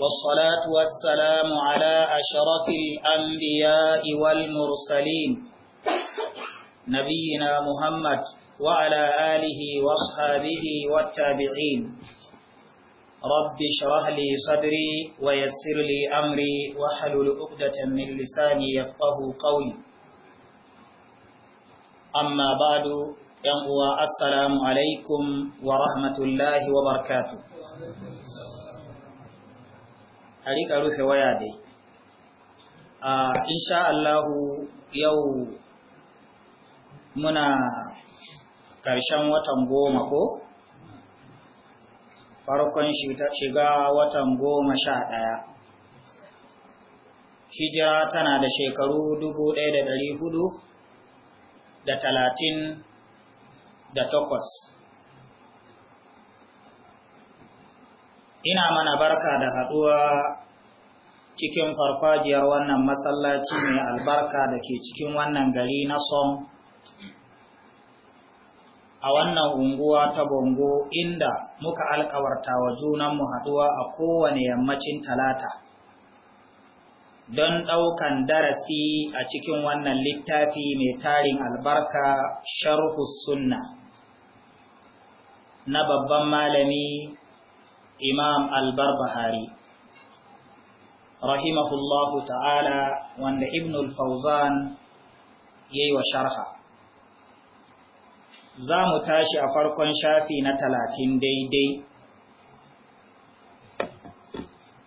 والصلاة والسلام على أشرف الأنبياء والمرسلين نبينا محمد وعلى آله واصحابه والتابعين رب شرح لي صدري ويسر لي أمري وحلل عقدة من لساني يفقه قولي أما بعد ينقوى السلام عليكم ورحمة الله وبركاته a riƙa rufe waya dai a insha Allahu yau muna ƙarshen watan goma ko farkon shiga watan goma sha ɗaya hijira tana da shekaru dubu ɗaya da ɗari hudu da talatin da takwas ina mana barka da haɗuwa cikin farfajiyar wannan masallaci mai albarka da ke cikin wannan gari na son a wannan unguwa ta bongo inda muka alkawarta wa junanmu haɗuwa a kowane yammacin talata don ɗaukan darasi a cikin wannan littafi mai tarin albarka sharhu sunna na babban malami imam al-barbahari rahimahullahu ta'ala wanda ibn al-fauzan ya yi wa sharha za mu tashi a farkon shafi na talatin daidai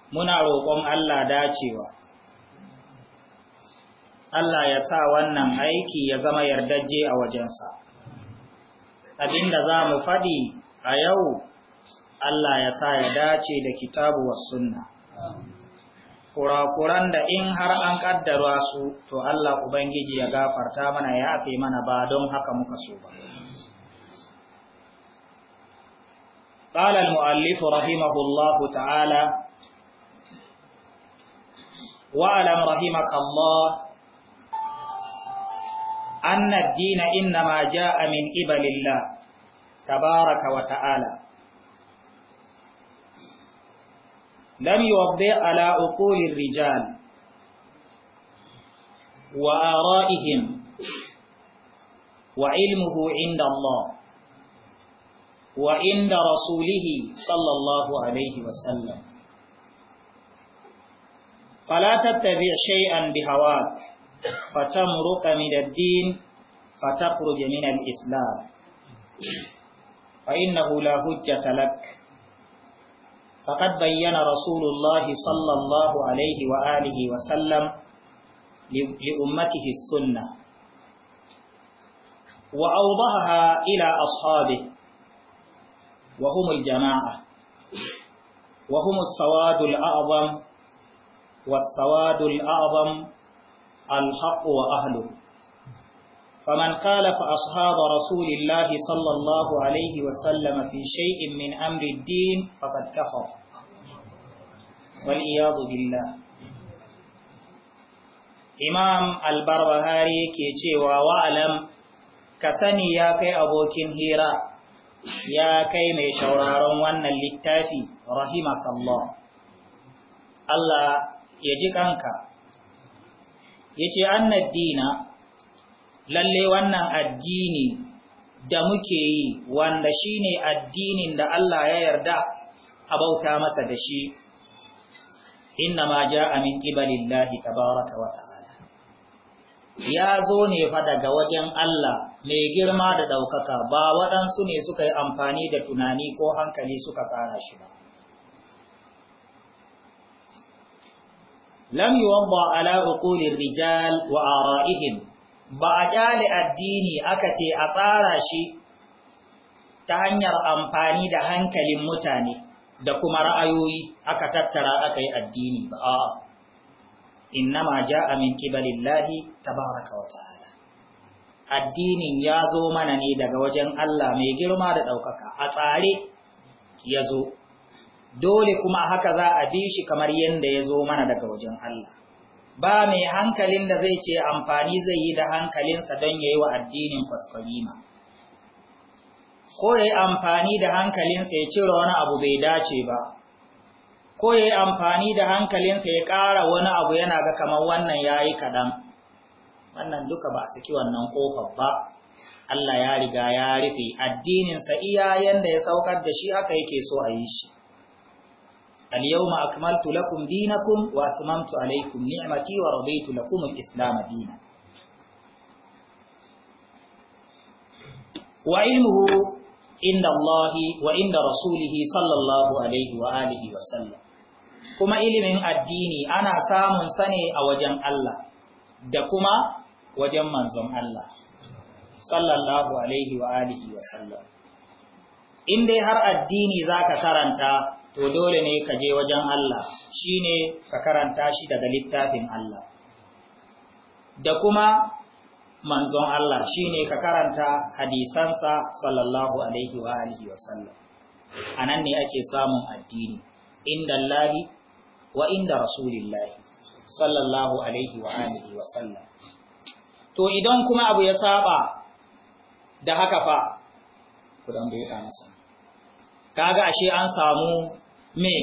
muna roƙon Allah dacewa Allah ya sa wannan aiki ya zama yardajje a wajensa abinda za mu faɗi a yau Allah ya sa ya dace da kitabu wa sunna. Kurakuran da in har an ƙaddara su, to Allah Ubangiji ya gafarta mana ya afe mana ba don haka muka so ba. قال المؤلف رحمه الله تعالى وألم رحمك الله أن الدين إنما جاء من قبل الله تبارك وتعالى لم يوضي على عقول الرجال وآرائهم وعلمه عند الله وعند رسوله صلى الله عليه وسلم فلا تتبع شيئا بهواك فتمرق من الدين فتخرج من الإسلام فإنه لا هجة لك فقد بين رسول الله صلى الله عليه وآله وسلم لأمته السنة وأوضحها إلى أصحابه وهم الجماعة وهم السواد الأعظم والسواد الأعظم الحق وأهله Fa قال فأصحاب رسول الله صلى الله عليه وسلم في شيء من أمر الدين فقد كفر والعياذ بالله Imam albarbahari ke cewa wa'alam ka sani ya kai abokin hira ya kai mai shauraron wannan littafi rahima rahimakallah Allah ya ji kanka ya ce annad dina lalle wannan addini da muke yi wanda shine addinin da Allah ya yarda a bauta masa da shi inna ma ja'a min qibalillahi tabaaraka wa ta'ala ya zo ne fa daga wajen Allah mai girma da ɗaukaka ba waɗansu ne suka yi amfani da tunani ko hankali suka tsara shi ba lam yuwadda ala uqulir rijal wa ara'ihim ba a kyale addini aka ce a tsara shi ta hanyar amfani da hankalin mutane da kuma ra'ayoyi aka tattara aka yi addini ba a ja innama a min ta baraka wata ala. addinin ya zo mana ne daga wajen Allah mai girma da ɗaukaka, a tsare ya zo dole kuma haka za a bi shi kamar yadda ya zo mana daga wajen Allah ba mai hankalin da zai ce amfani zai yi da hankalinsa don ya yi wa addinin kwaskwarima ko ya amfani da hankalinsa ya cire wani abu bai dace ba ko ya amfani da hankalinsa ya ƙara wani abu yana ga kamar wannan ya yi kaɗan wannan duka ba a saki wannan ƙofar ba Allah ya riga ya rufe addininsa iya yanda ya saukar da shi haka yake so a yi shi al-yawma akmaltu lakum dinakum wa atmamtu alaykum ni'mati wa raditu lakum al-islam dinan wa ilmuhu inda Allah wa inda rasulihi sallallahu alaihi wa alihi wa sallam kuma ilimin addini ana samun sane a wajen Allah da kuma wajen manzon Allah sallallahu alaihi wa alihi wa sallam in dai har addini za ka karanta to dole ne ka je wajen Allah shi ne ka karanta shi daga littafin Allah da kuma manzon Allah shi ne ka karanta hadisansa sallallahu alaihi wa alihi wa sallam nan ne ake samun addini inda Allahi wa inda rasulillahi sallallahu alaihi wa alihi wa sallam to idan kuma abu ya saba da haka fa ku dan masa kaga ashe an samu me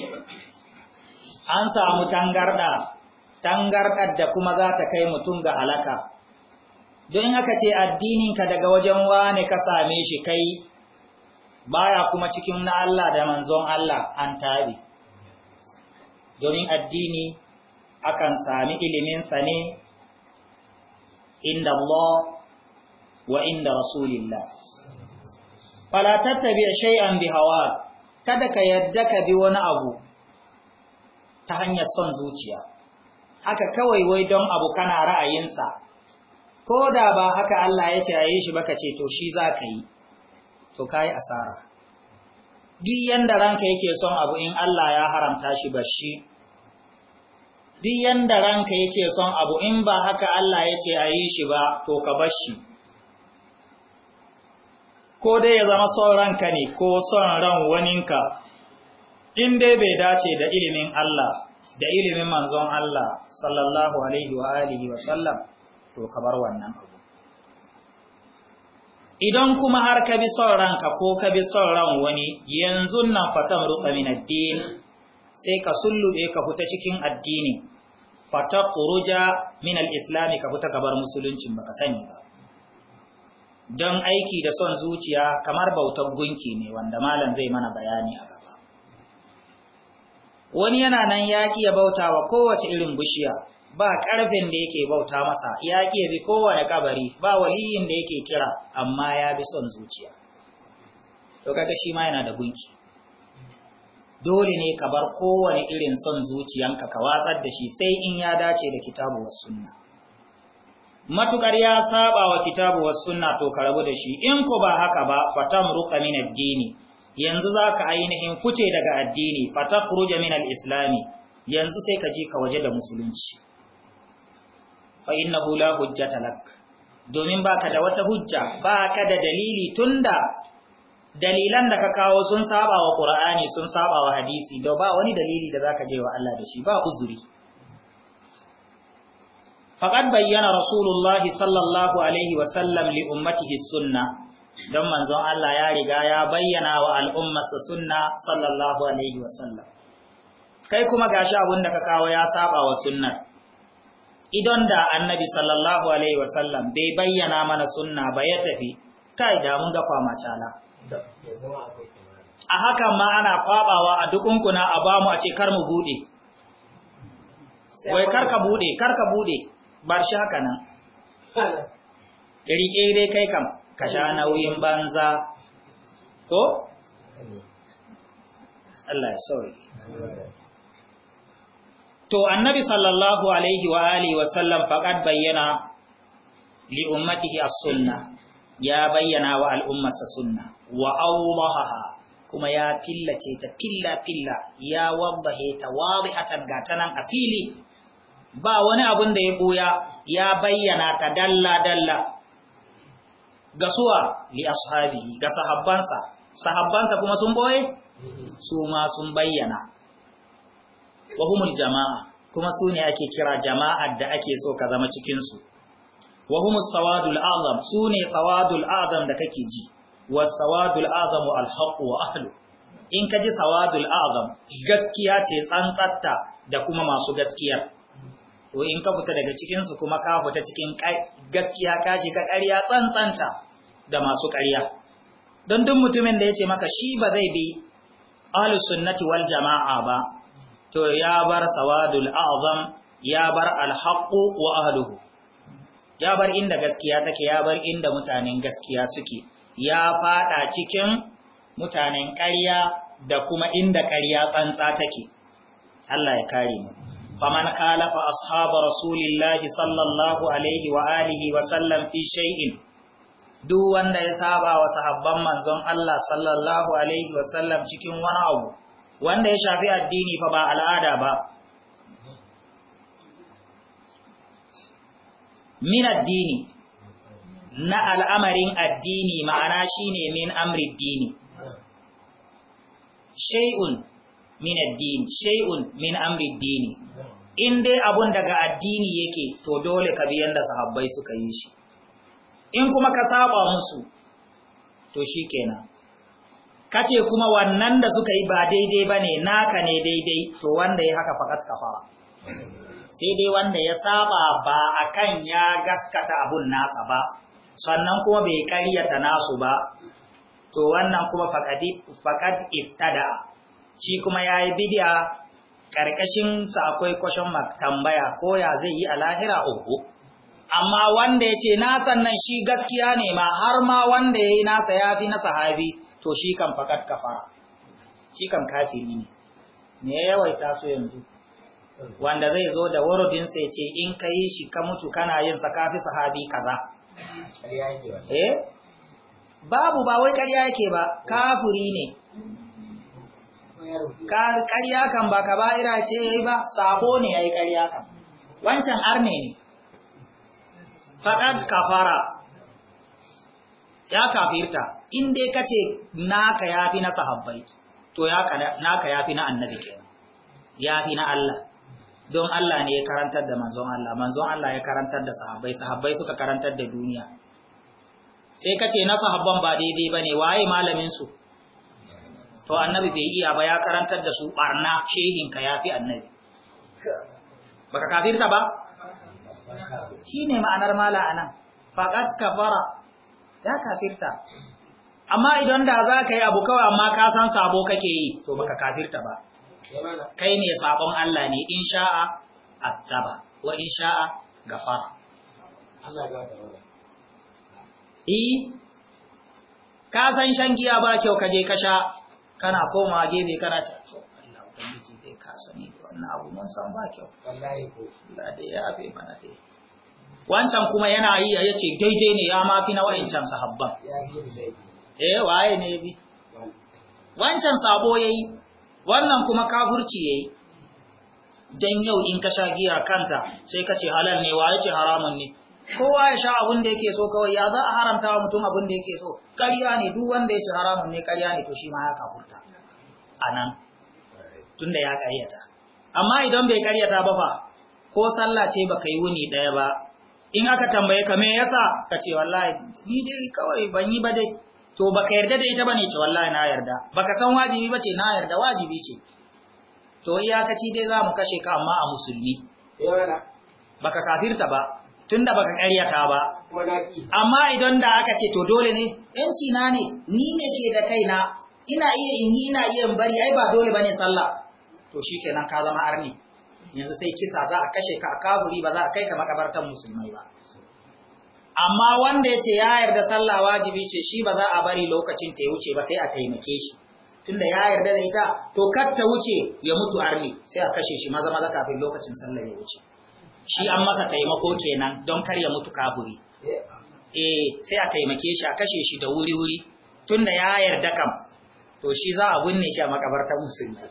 an samu tangarda tangardar da kuma za ta kai mutum ga halaka don haka ce addininka daga wajen wane ka same shi kai baya kuma cikin na Allah da manzon Allah an tabi domin addini akan sami iliminsa ne inda Allah wa inda Rasulillah fala tattabi shay'an bi hawa kada ka yadda ka bi wani abu ta hanyar son zuciya haka kawai wai don abu kana ra'ayinsa ko da ba haka Allah ya ce a yi shi baka ce to shi za ka yi to ka yi asara Biyan yanda ranka yake son abu in Allah ya haramta shi ba shi duk yanda ranka yake son abu in ba haka Allah ya ce a yi shi ba to ka bar shi ko dai ya zama son ranka ne ko son ran waninka in dai bai dace da ilimin Allah da ilimin manzon Allah sallallahu alaihi wa alihi wa sallam to kabar wannan abu idan kuma har ka bi son ranka ko ka bi son ran wani yanzu nan fatan ruqa min addini sai ka sullube ka fita cikin addini fata kuruja min al-islami ka fita gabar musuluncin baka sani ba don aiki da son zuciya kamar bautar gunki ne wanda malam zai mana bayani a gaba. Wani yana nan yaƙi ya bauta wa kowace irin bishiya, ba ƙarfin da yake bauta masa, ya ya bi kowane kabari, ba waliyin da yake kira, amma ya bi son zuciya. To kaga shi ma yana da gunki. Dole ne ka bar kowane irin son zuciyanka ka watsar da shi sai in ya dace da kitabu sunna. matukar ya saba wa kitabu wa sunna to karabu da shi in ku ba haka ba fatam ruqa min addini yanzu zaka ainihin fice daga addini fatakhruja min al-islami yanzu sai ka ji ka waje da musulunci fa innahu la hujjata lak domin baka da wata hujja baka da dalili tunda dalilan da ka kawo sun saba wa Qur'ani sun saba wa hadisi da ba wani dalili da zaka je wa Allah da shi ba uzuri faqad bayyana rasulullahi sallallahu alaihi wasallam li ummatihi sunna don manzon Allah ya riga ya bayyana wa al'ummarsa sunna sallallahu alaihi wasallam kai kuma gashi abin da ka kawo ya saba wa sunnar idan da annabi sallallahu alaihi wasallam bai bayyana mana sunna ba ya tafi kai da mun ga kwamacala a hakan ma ana kwabawa a dukunkuna a bamu a ce kar mu buɗe. wai kar ka buɗe? Kar ka buɗe? bar sha ka nan rike dai kai kam ka sha nauyin banza ko Allah sauri. to annabi sallallahu alaihi wa alihi wa sallam bayyana li ummatihi as-sunnah ya bayyana wa al'ummarsa sunna wa awdahaha kuma ya fillace ta filla filla ya wadahe ta wadihatan gatanan a fili ba wani abin da ya ɓuya ya bayyana ta dalla-dalla ga suwa li ashabihi ga sahabbansa sahabbansa kuma sun boye su ma sun bayyana wa humul jama'a kuma su ne ake kira jama'ar da ake so ka zama cikinsu wa humus sawadul azam su ne sawadul azam da kake ji wa sawadul azam alhaqu wa ahlu in ka ji sawadul azam gaskiya ce tsantsatta da kuma masu gaskiyar Ko in ka fita daga cikinsu kuma ka fita cikin gaskiya ka karya ƙarya tsantsanta da masu ƙarya don duk mutumin da ya ce maka shi ba zai bi ahlus sunnati wal jama'a ba to ya bar sawadul a'zam ya bar alhaqqu wa ahluhu ya bar inda gaskiya take ya bar inda mutanen gaskiya suke ya faɗa cikin mutanen ƙarya da kuma inda ƙarya tsantsa take Allah ya kare mu فمن خالف أصحاب رسول الله صلى الله عليه وآله وسلم في شيء duk wanda ya saba wa sahabban manzon Allah sallallahu alaihi wasallam cikin wani abu wanda ya shafi addini fa ba al'ada ba min addini na al'amarin addini ma'ana shine min amri addini shay'un min addini shay'un min amri addini in dai abun daga addini yake to dole ka bi yanda sahabbai suka yi shi in kuma ka saba musu to shikenan kace kuma wannan da suka yi ba daidai bane naka ne daidai to wanda ya haka fakat kafara sai dai wanda ya saba ba akan ya gaskata abun nasa ba sannan kuma bai karyata nasu ba to wannan kuma faƙad ittada shi kuma yayi bid'a ƙarƙashinsa akwai kwashon mark tambaya ko ya zai yi a lahira uku amma wanda ya ce nasa nan shi gaskiya ne ma har ma wanda ya yi nasa ya fi na sahabi to shi kan fakat kafara shi kan kafiri ne me ya yawaita su yanzu wanda zai zo da warodinsa ya ce in ka yi shi ka mutu kana yin sa kafi sahabi kaza za. Eh? babu ba wai ƙarya yake ba kafiri ne ƙarya kan ba ka ba'ira ce ya yi ba sako ne ya yi ƙarya kan wancan arne ne faɗad kafara ya kafirta in dai ka ce naka ya fi na sahabbai to naka ya fi na annabi kenan ya fi na Allah don Allah ne ya karantar da manzon Allah manzon Allah ya karantar da sahabbai sahabbai suka karantar da duniya sai ka ce na sahabban ba daidai ba ne waye malaminsu to annabi bai iya ba ya karantar da su barna shehin ka yafi annabi baka kafirta ba shine ma'anar mala anan faqat kafara ya kafirta amma idan da za ka yi abu kawai amma ka san sabo kake yi to baka kafirta ba kai ne sabon Allah ne in sha'a attaba wa in sha'a gafara Allah ya gafara eh ka san shan giya ba kyau ka je ka sha kana koma gefe kana ce to Allah ubangiji zai kasa ni da wannan abu mun san ba kyau wallahi ko Allah da ya abe mana dai wancan kuma yana yi ya ce daidai ne ya mafi na wayancan sahabban eh waye ne bi wancan sabo yayi wannan kuma kafurci yayi dan yau in ka sha giyar kanta sai ka ce halal ne waye ce haramun ne kowa ya sha abin da yake so kawai ya za a haramta wa mutum abin da yake so ƙarya ne duk wanda ya ci haramun ne ƙarya ne to shi ma ya kafurta a nan tun da ya ƙaryata amma idan bai ƙaryata ba fa ko sallah ce baka yi wuni ɗaya ba in aka tambaye ka me yasa ka ce wallahi ni dai kawai ban yi ba dai to baka yarda da ita ne ce wallahi na yarda baka san wajibi ba ce na yarda wajibi ce to iyakaci dai za mu kashe ka amma a musulmi eh, baka kafirta ba tunda baka karyata ba amma idan da aka ce to dole ne yanci na ne ni ne ke da kaina ina iya in yi ina iya bari ai ba dole bane sallah to shikenan ka zama arni yanzu sai kisa za a kashe ka a kaburi ba za a kai ka makabartan musulmai ba amma wanda yace ya yarda sallah wajibi ce shi ba za a bari lokacin ta wuce ba sai a taimake shi tunda ya yarda da ita to kar ta wuce ya mutu arni sai a kashe shi maza maza kafin lokacin sallah ya wuce shi an masa taimako kenan don kar ya mutu kaburi eh sai a taimake shi a kashe shi da wuri wuri tunda ya yarda kam to shi za a binne shi a makabartar musulmi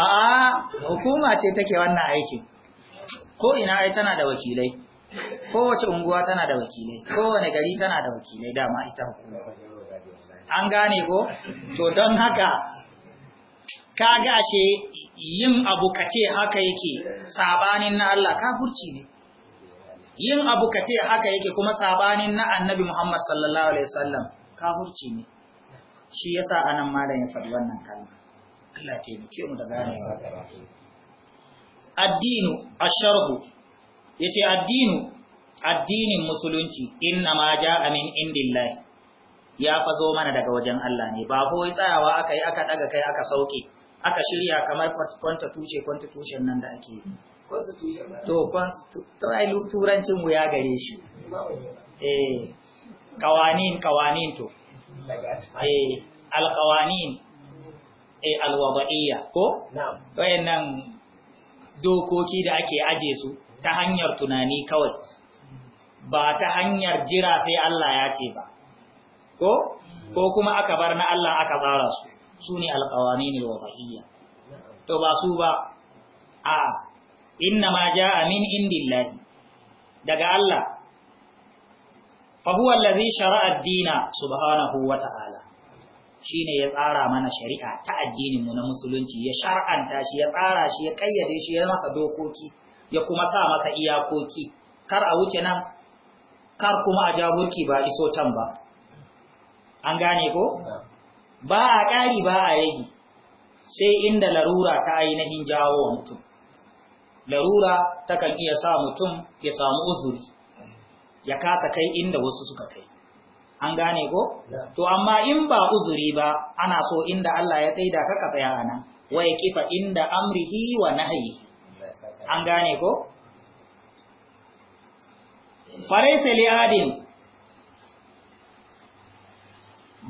a'a hukuma ce take wannan aikin ko ina ai tana da wakilai kowace unguwa tana da wakilai kowane gari tana da wakilai dama ita hukuma an gane ko to don haka ka gashe yin abu kace haka yake sabanin na Allah kafirci ne yin abu kace haka yake kuma sabanin na annabi Muhammad sallallahu alaihi wasallam kafirci ne shi yasa anan malam ya faɗi wannan kalma Allah taimake mu da ganewa addinu asharhu yace addinu addinin musulunci inna ma ja'a min indillahi ya fa zo mana daga wajen Allah ne ba ko tsayawa aka yi aka daga kai aka sauke aka shirya kamar constitution constitution nan da ake yi. to turancin mu ya gare shi eh kawanin kawanin to eh alqawanin eh alwada'iyya ko na'am nan dokoki da ake aje su ta hanyar tunani kawai ba ta hanyar jira sai Allah ya ce ba ko ko kuma aka bar na Allah aka tsara su su ne wa ba'iyya. to ba su ba a inna ma ja min indillahi daga Allah fa lazi shara addina su dina subhanahu wa ta'ala Shi ne ya tsara mana shari'a ta addininmu na musulunci ya shar'anta shi ya tsara shi ya kayyade shi ya masa dokoki ya kuma sa masa iyakoki kar a wuce nan kar kuma a jaburki ba iso can ba an gane ko ba a ƙari ba a rage sai inda larura ta ainihin jawo wa mutum larura ta kan iya sa mutum ya samu uzuri ya kasa kai inda wasu suka kai an gane ko to amma in ba uzuri ba ana so inda Allah ya tsaida ka ka tsaya nan waye kifa inda amrihi wa nahyi an gane ko faraisa li'adin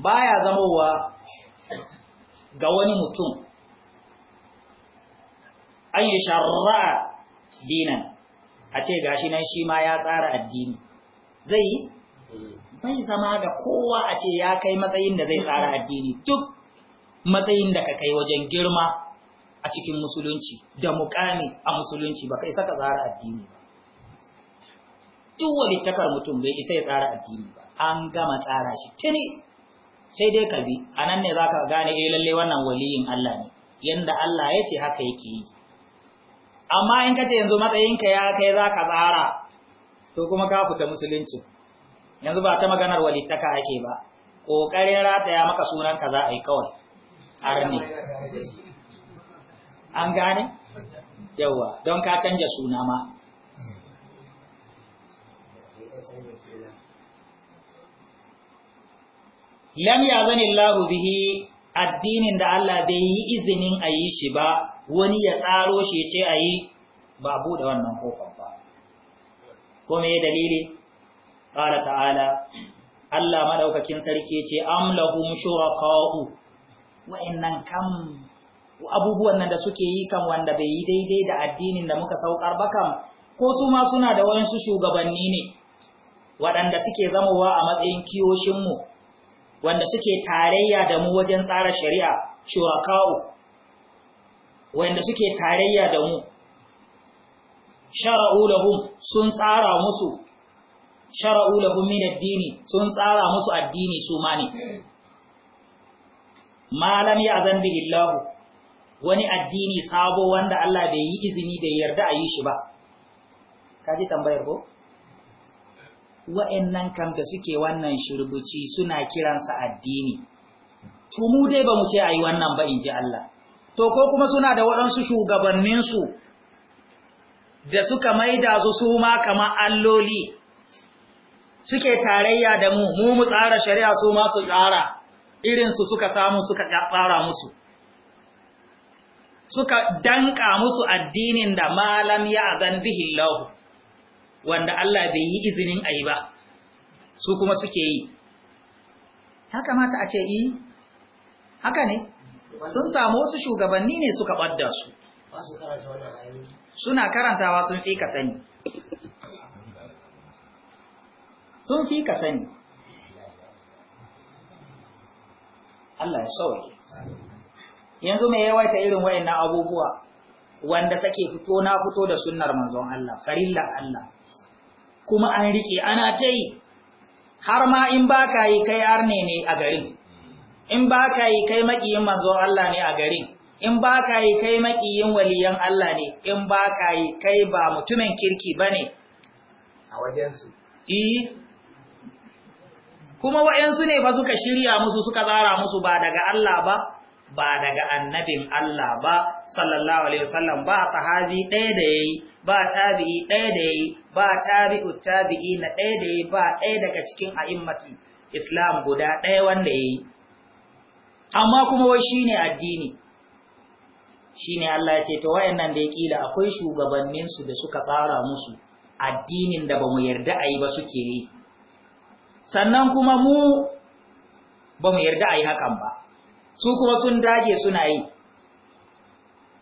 baya zamowa ga wani mutum an yi shara'a dinan a ce gashi nan shi ma ya tsara addini zai yi bai zama ga kowa a ce ya kai matsayin da zai tsara addini duk matsayin da ka kai wajen girma a cikin musulunci da mukami a musulunci ba kai saka tsara addini ba duk walittakar mutum bai isa ya tsara addini ba an gama tsara shi tuni sai dai ka bi a nan ne za ka gane eh lalle wannan waliyin Allah ne yanda Allah ya ce haka yake yi amma in ka ce yanzu matsayinka ya kai za ka tsara to kuma ka fita musulunci yanzu ba ta maganar walittaka ake ba ƙoƙarin rataya maka sunanka za a yi kawai arni an gane yawa don ka canja suna ma lam Allah bihi addinin da Allah bai yi izinin ayi shi ba wani ya tsaro shi ce ayi, yi ba a buɗe wannan kofar ba. Kome ya dalili? Ƙara ta'ala, Allah maɗaukakin sarki ce, Amlahum shuraka'u, wa'innan kam abubuwan nan da suke yi kan wanda bai yi daidai da addinin da muka saukar ba kam, ko su ma suna da wayansu shugabanni ne, waɗanda suke zamowa a matsayin kiyoshinmu. wanda suke tarayya da mu wajen tsara shari'a shuraka'u wanda suke tarayya da mu shara'u lahum sun tsara musu shara'u lahum min addini sun tsara musu addini su ma ne Malami a azan bihi Allah wani addini sabo wanda Allah bai yi izini bai yarda a yi shi ba kaji tambayar ko wa'annan kam da suke wannan shirbuci suna kiransa addini to mu dai ba mu ce ayi wannan ba in ji Allah to ko kuma suna da waɗansu shugabanninsu da suka maida su su ma kamar alloli suke tarayya da mu mu mu tsara shari'a su ma su tsara irinsu suka samu suka tsara musu suka danka musu addinin da malam ya azan bihi Allah wanda Allah bai yi izinin a yi ba su kuma suke yi ya kamata a ce yi eh, haka ne sun samu wasu shugabanni ne suka ɓadda su suna karantawa sun fi ka sani sun fi ka sani Allah ya sauri. yanzu mai yawaita irin wayannan abubuwa wanda sake fito na fito da sunnar manzon Allah farilla Allah kuma an riƙe ana ta yi har ma in ba ka yi kai arne ne a garin in ba ka yi kai maƙiyin manzon Allah ne a garin in ba ka yi kai maƙiyin waliyan Allah ne in ba ka yi kai ba mutumin kirki ba ne a wajensu eh. kuma wa'yansu ne fa suka shirya musu suka tsara musu ba daga Allah ba ba daga annabin Allah ba sallallahu alaihi wasallam ba sahabi ɗaya da yayi ba tabi'i ɗaya da yayi ba tabi'u tabi'i na ɗaya da yayi ba ɗaya daga cikin a'immatu Islam guda ɗaya wanda yayi amma kuma wai shine addini shine Allah ya ce to wayannan da ya kila akwai shugabanninsu da suka tsara musu addinin da bamu yarda ayi ba suke yi sannan kuma mu bamu yarda ayi hakan ba su kuma sun dage suna yi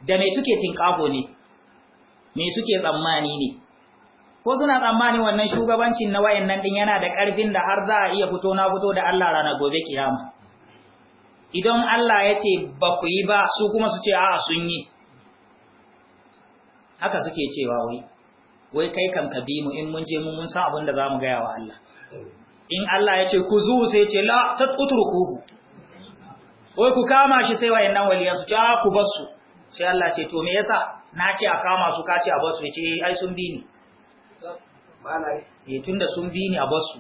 da mai suke tinkaho ne mai suke tsammani ne ko suna tsammani wannan shugabancin na nan din yana da karfin da har za a iya fito na fito da Allah rana gobe kiyama idan Allah ya ce ba ku yi ba su kuma su ce a'a sun yi haka suke cewa wai wai kai kan ka bi mu in mun je mun san abin da za mu gaya wa Allah in Allah ya ce ku zuwa sai ce la tatutrukuhu wai ku kama shi sai wayannan waliyan su ta ah, ku basu sai Allah ce to me yasa na ce a kama su ka ce a basu ce eh, ai sun bi ni eh tunda sun bi ni a basu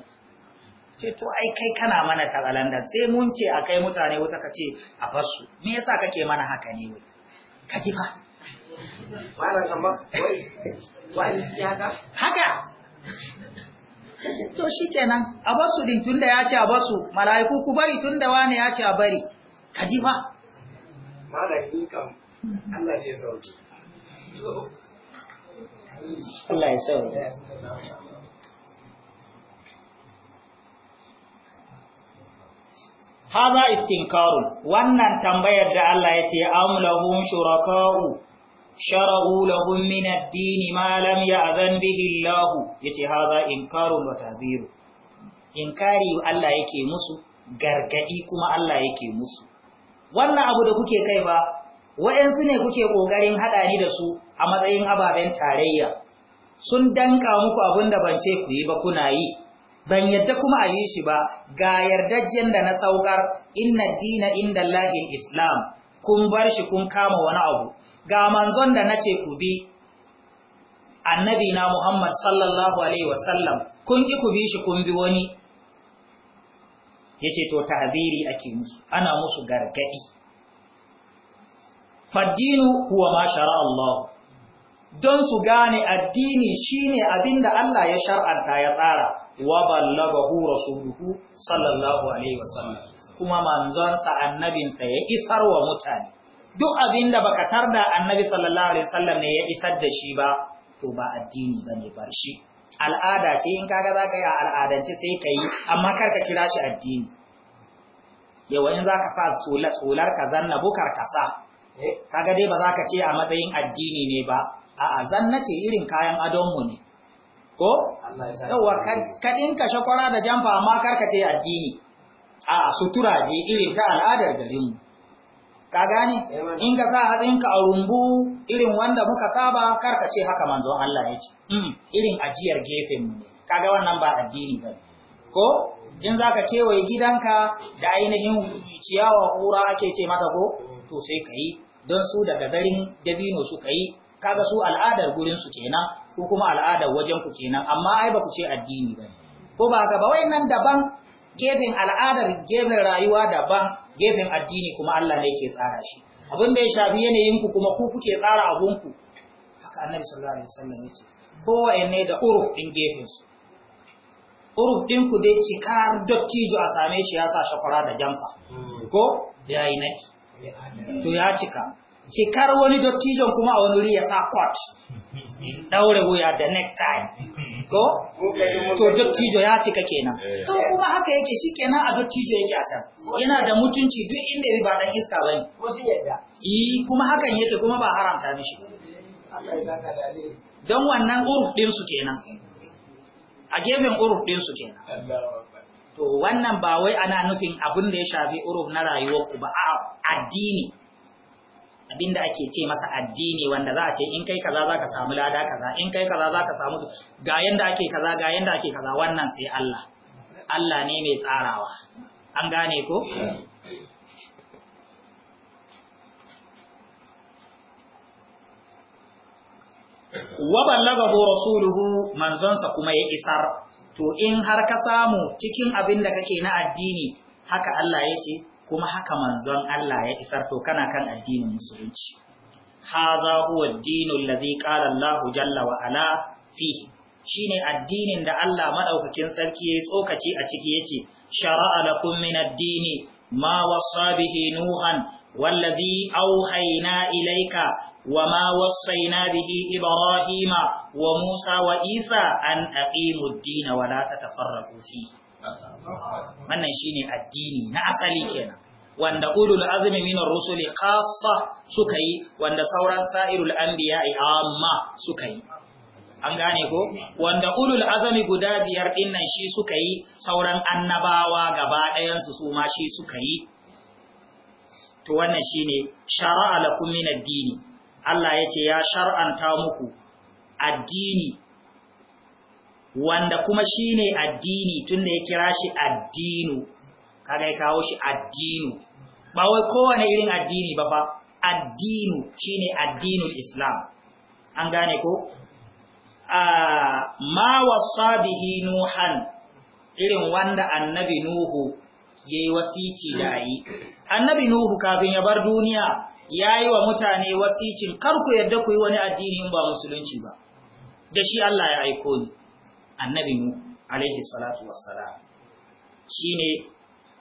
ce to ai kai kana mana tagalanda sai mun ce a kai mutane wuta ka ce a basu me yasa kake mana haka ne wai ka ji fa malai amma wai wai ya ga haka to shi a basu din tunda ya ce a basu mala'iku ku bari tunda wani ya ce a bari kaji fa malami kam Allah ne ya sauke Allah ya sauke Haza istinkarun wannan tambayar da Allah ya ce, Amlahun shuraka'u, shara'u lahun min addini ma lam ya'zan bihi Allah yace haza inkarun wa taziru. Inkari Allah yake musu, gargadi kuma Allah yake musu. wannan abu da kuke kai ba wa'yansu ne kuke ƙoƙarin haɗa ni da su a matsayin ababen tarayya sun danka muku abin da ban ce ku yi ba kuna yi ban yadda kuma a yi shi ba ga yardajjen da na saukar inna dina inda lahil islam kun bar shi kun kama wani abu ga manzon da na ce ku bi annabi na muhammad sallallahu alaihi wasallam kun ki ku bi shi kun bi wani Ya ce to ta'ziri ake musu ana musu gargadi faddinu huwa ma shara Allah don su gane addini shine abinda Allah ya shar'anta ya tsara wa ballagahu rasuluhu sallallahu alaihi wasallam kuma manzonsa annabinsa ya isar wa mutane duk abinda baka tarda annabi sallallahu alaihi wasallam ne ya isar da shi ba to ba addini ne bar shi al'ada ce in kaga ka yi a al'adance sai yi, amma ka kira shi addini yawa in za ka sa tsular ka zanna bukar ka sa eh, kaga dai ba za ka ce a matsayin addini ne ba a'a zanna ce irin kayan adonmu ne ko yawa ka shakwara da jamfa amma kar ka ce addini a sutura ne irin ta al'adar garinmu ka gane eh, in ka sa hatsinka a rumbu irin wanda muka saba karka ce haka manzon Allah ya ce hmm, irin ajiyar gefen mu ne kaga wannan ba addini ba ko in za ka kewaye gidanka da ainihin ciyawa kura ake ce mata ko to sai ka yi don su daga garin dabino suka yi kaga su al'adar gurinsu kenan ko kuma al'adar wajenku kenan amma ai ba ku ce addini ba ko ba ga ba wayannan daban gefen al'adar gefen rayuwa daban gefen addini kuma Allah ne yake tsara shi abin da ya shafi yanayin ku kuma ku kuke tsara abun ku haka annabi sallallahu alaihi wasallam yace kowa ne da uruf din gefen su uruf ɗinku dai cikar dattijo a same shi ya sa shakwara da jamfa hmm. ko ya yi naɗi to ya cika cikar wani dattijon kuma a wani riya ya sa kot ɗaure wuya da time. ko to dattijo ya cika kenan eh. to kuma haka yake shi kenan a dattijo yake a can yana da mutunci duk inda ya ba dan iska ba ne kuma hakan yake kuma ba haramta mishi don wannan uruf ɗinsu kenan a gefen uruf ɗinsu kenan to wannan ba wai ana nufin abin da ya shafi uruf na rayuwarku ba a addini abinda ake ce masa addini wanda za a ce in kai kaza za ka samu lada kaza in kai kaza za ka samu ga yanda ake kaza ga yanda ake kaza wannan sai Allah Allah ne mai tsarawa an gane ko wa ballagahu rasuluhu manzonsa kuma ya isar to in har ka samu cikin abin da kake na addini haka Allah ya ce kuma haka manzon Allah ya isar to kana kan addinin musulunci hadha huwa ad-dinu alladhi qala Allah jalla wa ala fi shine addinin da Allah madaukakin sarki ya tsokaci a ciki yace shara'a lakum min ad-dini ma wasa bihi nuhan والذي أوحينا إليك وما وصينا به إبراهيم وموسى وإيسى أن أقيموا الدين ولا تتفرقوا فيه wannan shine addini na asali kenan wanda ulul azmi minar rusuli khassa suka yi wanda sauran sa'irul anbiya'i suka yi an gane ko wanda ulul azmi guda biyar dinnan shi suka yi sauran annabawa gaba ɗayan su ma shi suka yi to wannan shine shara'a lakum minad dini Allah ya ce ya shar'anta muku addini wanda kuma shine addini tunda ya kira shi addinu kaga ya kawo shi addinu ba wai kowane irin addini ba ba addinu shine addinul islam an gane ko a ma wasa bihi nuhan irin wanda annabi nuhu yayi wasici da yi annabi nuhu kafin ya bar duniya ya yi wa mutane wasicin kar ku yarda ku yi wani addini ba musulunci ba da shi Allah ya aiko ni annabi mu alaihi salatu wassalam shine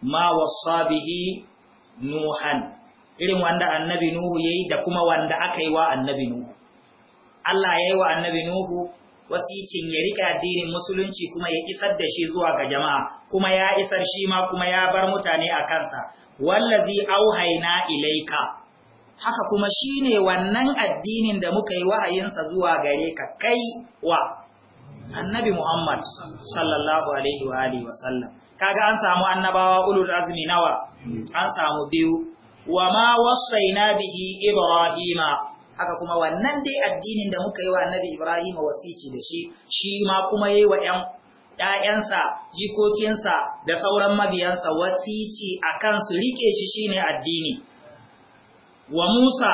ma wasa bihi nuhan irin wanda annabi nuhu yayi da kuma wanda aka yi wa annabi nuhu Allah ya yi wa annabi nuhu wasicin ya rika addinin musulunci kuma ya isar da shi zuwa ga jama'a kuma ya isar shi ma kuma ya bar mutane a kansa wallazi auhaina ilaika haka kuma shi ne wannan addinin da muka yi wa'ayinsa zuwa gare ka kai wa annabi Muhammad sallallahu alaihi wa Alaihi wasallam kaga an samu annabawa ulul azmi nawa an samu biyu wa ma na bihi ibrahima haka kuma wannan dai addinin da muka yi wa annabi ibrahima wasici da shi shi ma kuma yi wa 'yan ‘ya'yansa, jikokinsa da sauran mabiyansa wasici a kan su rike shi shi ne addini. wa Musa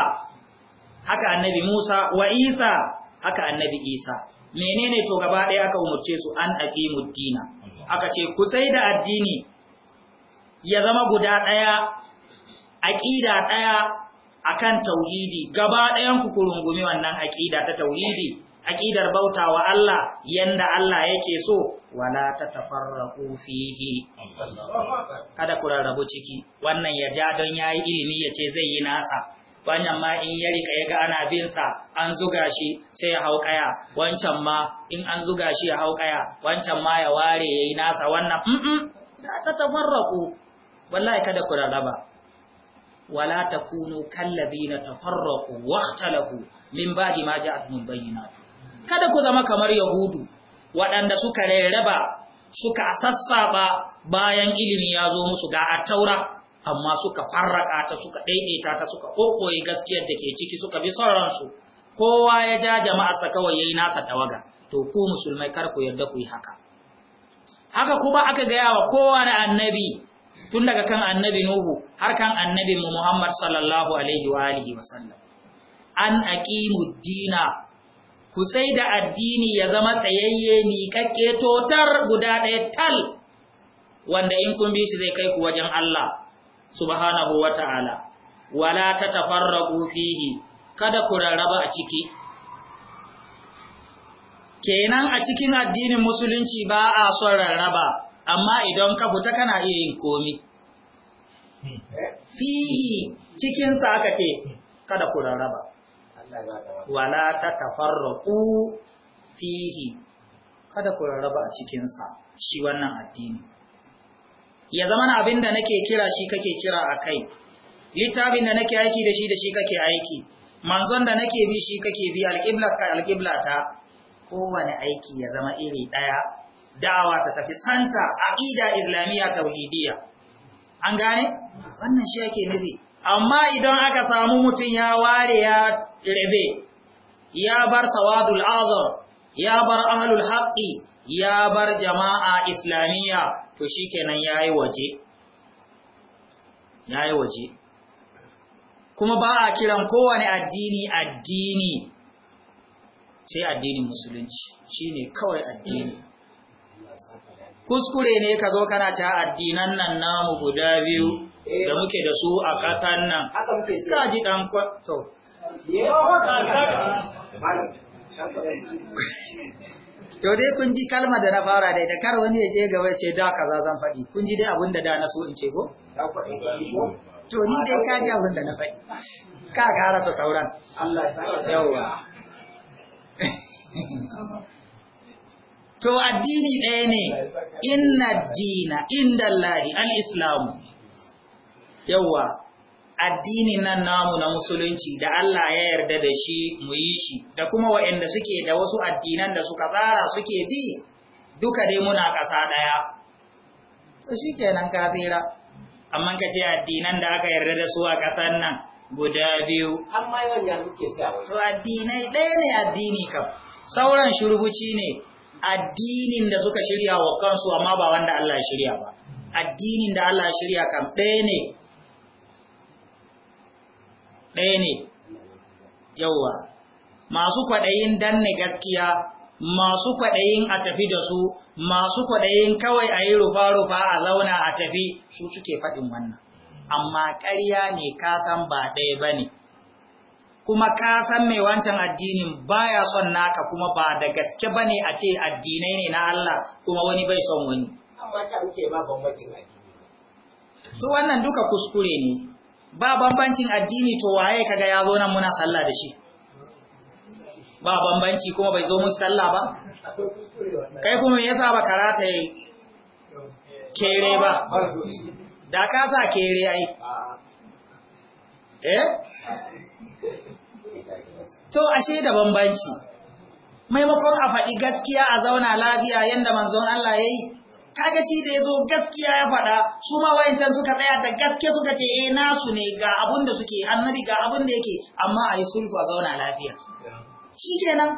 haka annabi Musa wa Isa haka annabi Isa menene to gaba ɗaya aka umurce su an aqimud dina aka ce ku sai da addini ya zama guda ɗaya aqida ɗaya akan tauhidi gaba ɗayan ku kurungumi wannan aqida ta tauhidi aƙidar bauta wa Allah yanda Allah yake so wala ta fihi kada ku rarrabu ciki wannan ya ja don yayi ilimi ya ce zai yi nasa wannan ma in ya rika ya ga ana bin sa an zuga shi sai ya hau wancan ma in an zuga shi ya hau wancan ma ya ware yayi nasa wannan mm -mm. la ta tafarraku wallahi kada ku rarraba wala takunu kallazina tafarraqu waqtalahu min ba'di ma ja'atuhum bayyinat kada ku zama kamar yahudu waɗanda suka rarraba suka sassaba bayan ilimi ya zo musu ga taura amma suka farraka ta suka daidaita ta suka kokkoye gaskiyar da ke ciki suka bi sauransu kowa ya ja jama'arsa kawai yayi nasa tawaga to ku musulmai kar ku yarda ku yi haka haka kuma aka gaya wa kowa na annabi tun daga kan annabi nuhu har kan annabi mu muhammad sallallahu alaihi wa alihi wa sallam an aqimu dina ku sai da addini ya zama tsayayye kake totar guda ɗaya tal wanda in kun bi shi zai kai ku wajen Allah subhanahu wa ta'ala wala ta tafarraku fihi kada ku rarraba a ciki kenan a cikin addinin musulunci ba a son rarraba amma idan ka fita kana iya yin komi hmm. fihi cikinsa aka ce kada ku rarraba wala ta tafarraku fihi kada ku rarraba a cikinsa shi wannan addini ya zama na abin da nake kira shi kake kira a kai littafin da nake aiki da shi da shi kake aiki manzon da nake bi shi kake bi alƙiblar ka alƙibla ta kowane aiki ya zama iri ɗaya da'awa ta tafi santa aqida islamiyya tauhidiyya an gane wannan shi yake nufi amma idan aka samu mutum ya ware ya rabe ya bar sawadul azam ya bar ahlul haqqi ya bar jama'a islamiyya to shikenan yayi waje yayi waje kuma ba a kiran kowane addini addini sai addinin musulunci shine kawai addini kuskure ne ka zo kana cewa addinan nan namu guda biyu da muke da su a kasan nan ka ji dan to To dai kun ji kalmar da na fara da ita kar wani ya je gaba ce da kaza zan faɗi kun ji dai abin da da na so in ce ko? To ni dai ka ji abin da na faɗi ka kara rasa sauran. Allah yawa. To addini ɗaya ne inna dina inda Allah al islam yawa addinin nan namu na musulunci da Allah ya yarda da shi mu yi shi da kuma waɗanda suke da wasu addinan da suka tsara suke bi duka dai muna ƙasa ɗaya to shi kenan ka tsira amma ka ce addinan da aka yarda da su a ƙasar nan guda biyu amma yawan suke tsawo to addinai ɗaya ne addini kam sauran shurbuci ne addinin da suka shirya wa kansu amma ba wanda Allah ya shirya ba addinin da Allah ya shirya kam ɗaya ne ɗaya ne yauwa masu kwaɗayin danne gaskiya masu kwaɗayin a tafi da su masu kwaɗayin kawai a yi rufa-rufa a zauna a tafi su suke faɗin wannan amma ƙarya ne ka san ba ɗaya ba ne kuma ka san mai wancan addinin baya son naka kuma ba da gaske ba ne a ce addinai ne na Allah kuma wani bai son wani amma ta ba bambancin addini wannan duka kuskure ne ba bambancin addini to waye kaga ya zo nan muna sallah da shi ba bambanci kuma bai zo mun sallah ba kai kuma me yasa ba karata yayi kere ba da ka sa kere yayi eh to ashe da bambanci maimakon a faɗi gaskiya a zauna lafiya yanda manzon Allah yayi kaga shi da yazo gaskiya ya faɗa su ma wayancan suka tsaya da gaske suka ce eh nasu ne ga abun da suke annabi ga abun da yake amma ayi sulhu a zauna lafiya shikenan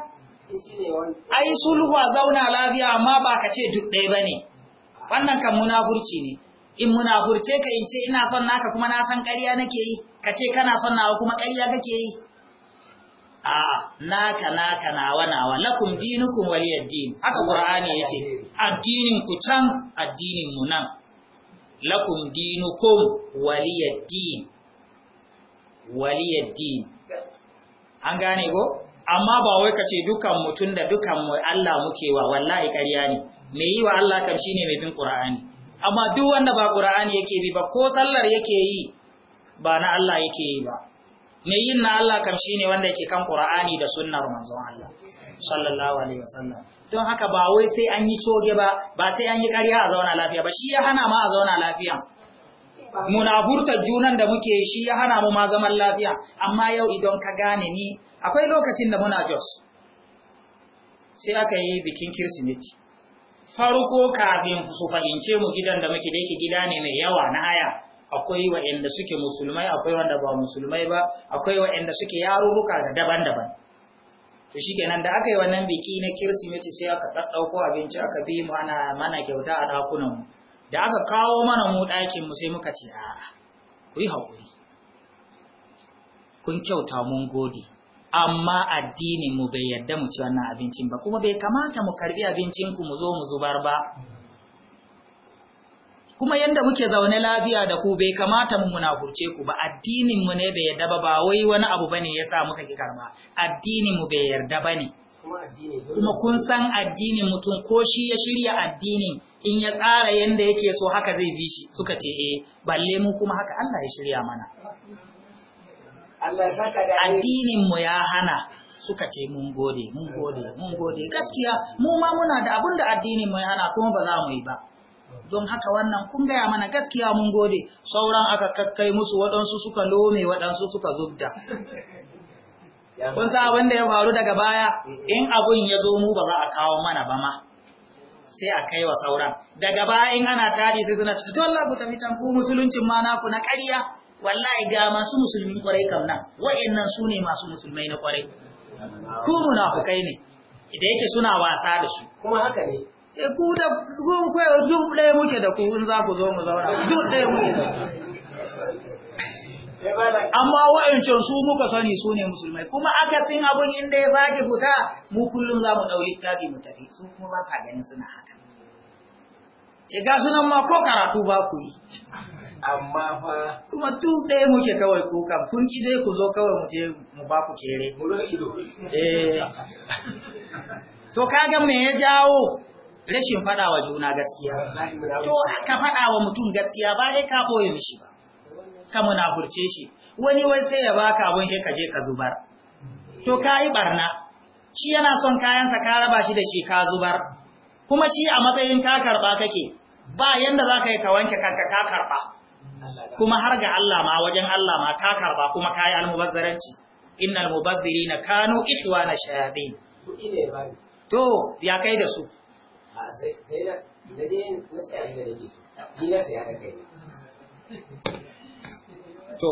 ayi sulhu a zauna lafiya amma ba ka ce duk ɗaya bane wannan kan munafurci ne in munafurce ka in ce ina son naka kuma na san ƙarya nake yi ka ce kana son nawa kuma ƙarya kake yi a'a naka naka nawa nawa lakum dinukum waliyaddin haka qur'ani yake addinin ku can addinin mu nan lakum dinukum waliyaddin waliyaddin an gane go amma ba wai kace dukan mutun da dukan mu Allah muke wa wallahi ƙarya ne me yi wa Allah kam shine mai bin Qur'ani amma duk wanda ba Qur'ani yake bi ba ko sallar yake yi ba na Allah yake yi ba me yin na Allah kam shine wanda yake kan Qur'ani da sunnar manzon Allah sallallahu alaihi wasallam don haka ba wai sai an yi coge ba ba sai an yi ƙarya a zauna lafiya ba shi ya hana ma a zauna lafiya munafurtar junan da muke shi ya hana mu ma zaman lafiya amma yau idan ka gane ni akwai lokacin da muna jos sai aka yi bikin kirsimeti farko kafin su fahimce mu gidan da muke da yake gida ne mai yawa na haya akwai wa'anda suke musulmai akwai wanda ba musulmai ba akwai wa'anda suke yarurruka daban-daban to shikenan da aka yi wannan biki na kirsimeti sai aka ɗaɗɗauko abinci aka bi mana mana kyauta a ɗakunan mu da aka kawo mana mu ɗakin mu sai muka ce kuyi ku yi haƙuri kun kyauta mun gode amma addinin mu bai yarda mu ci wannan abincin ba kuma bai kamata mu karbi abincin ku mu zo mu zubar ba kuma yanda muke zaune lafiya da ku bai kamata mu munafurce ku ba addinin mu ne bai yarda ba ba wai wani abu bane yasa muka ki karba addinin mu bai yarda bane kuma kun san addinin mutum ko shi ya shirya addinin in ya tsara yanda yake so haka zai bi shi suka ce eh balle mu kuma haka Allah ya shirya mana Allah ya saka da addinin mu ya hana suka ce mun gode, mun gode, mun gode. Gaskiya, mu ma muna da abin da mu ya hana kuma ba za mu yi ba. don haka wannan kun gaya mana gaskiya mun gode sauran aka kakkai musu waɗansu suka lome waɗansu suka zubda kun abin da ya faru daga baya in abin ya zo mu ba za a kawo mana ba ma sai a kai wa sauran daga baya in ana tari sai suna cikin tola ku tafi can ku musuluncin ma naku na ƙarya wallahi ga masu musulmin kwarai kam nan nan su ne masu musulmai na kwarai ku munafukai ne "Ida yake suna wasa da su kuma haka ne Eh, ku da gun kwayo duk ɗaya muke da ku in za ku zo mu zauna duk ɗaya muke da amma wa'ancan su muka sani su ne musulmai kuma aka sin abun inda ya zaki fita mu kullum za mu ɗau littafi mu tafi su kuma ba ka ganin suna haka ce eh, ga sunan ma ko karatu ba ku yi amma fa kuma duk ɗaya muke kawai ku kam kun ki dai ku zo kawai mu je mu ba ku kere eh to kaga me ya jawo rashin faɗawa wa juna gaskiya to ka faɗa wa mutum gaskiya ba sai ka boye mishi ba ka munafurce shi wani wai sai ya baka abun sai ka je ka zubar to ka yi barna shi yana son kayansa ka raba shi da shi ka zubar kuma shi a matsayin ka karɓa kake ba yanda za ka yi ka wanke kanka ka karɓa kuma har ga Allah ma wajen Allah ma ka karba kuma ka almubazzaranci innal mubazzirina kanu ikhwana shayatin to ya kai da su a sai da na na da kai to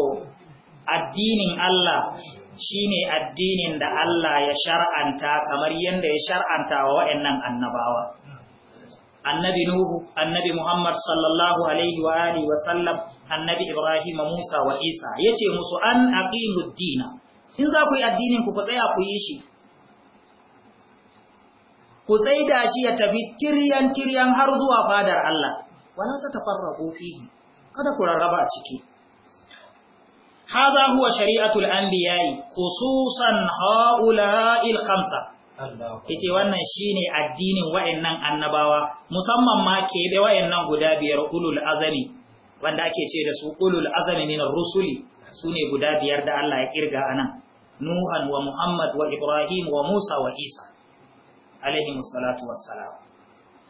addinin Allah shine addinin da Allah ya shar'anta kamar yanda ya shar'anta wa waɗannan annabawa annabi nuhu annabi muhammad sallallahu alaihi wa alihi wa sallam annabi ibrahim musa wa isa yace musu an aqimud in za ku yi addinin ku ku tsaya ku yi shi ku tsaida shi ya tafi tiryan tiryan har zuwa fadar Allah wala ta tafarraqu fihi kada ku rarraba a ciki hadha huwa shari'atul anbiya'i khususan haula'il khamsa Ita wannan shine addinin wayannan annabawa musamman ma wa'in wayannan guda biyar ulul azami wanda ake ce da su ulul azami min rusuli Su ne guda biyar da Allah ya kirga anan nuhan wa muhammad wa ibrahim wa musa wa isa alaihi musallatu wassalam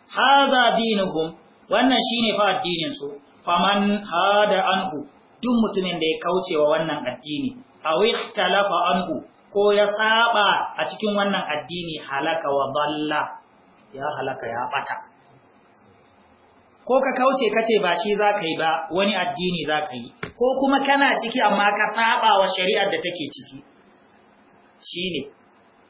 hadha dinuhum wannan shine fa addinin su faman hada anhu duk mutumin da ya kauce wa wannan addini aw ikhtalafa anhu ko ya saba a cikin wannan addini halaka wa dalla ya halaka ya bata ko ka kauce kace ba shi zaka yi ba wani addini zaka yi ko kuma kana ciki amma ka saba wa shari'ar da take ciki shine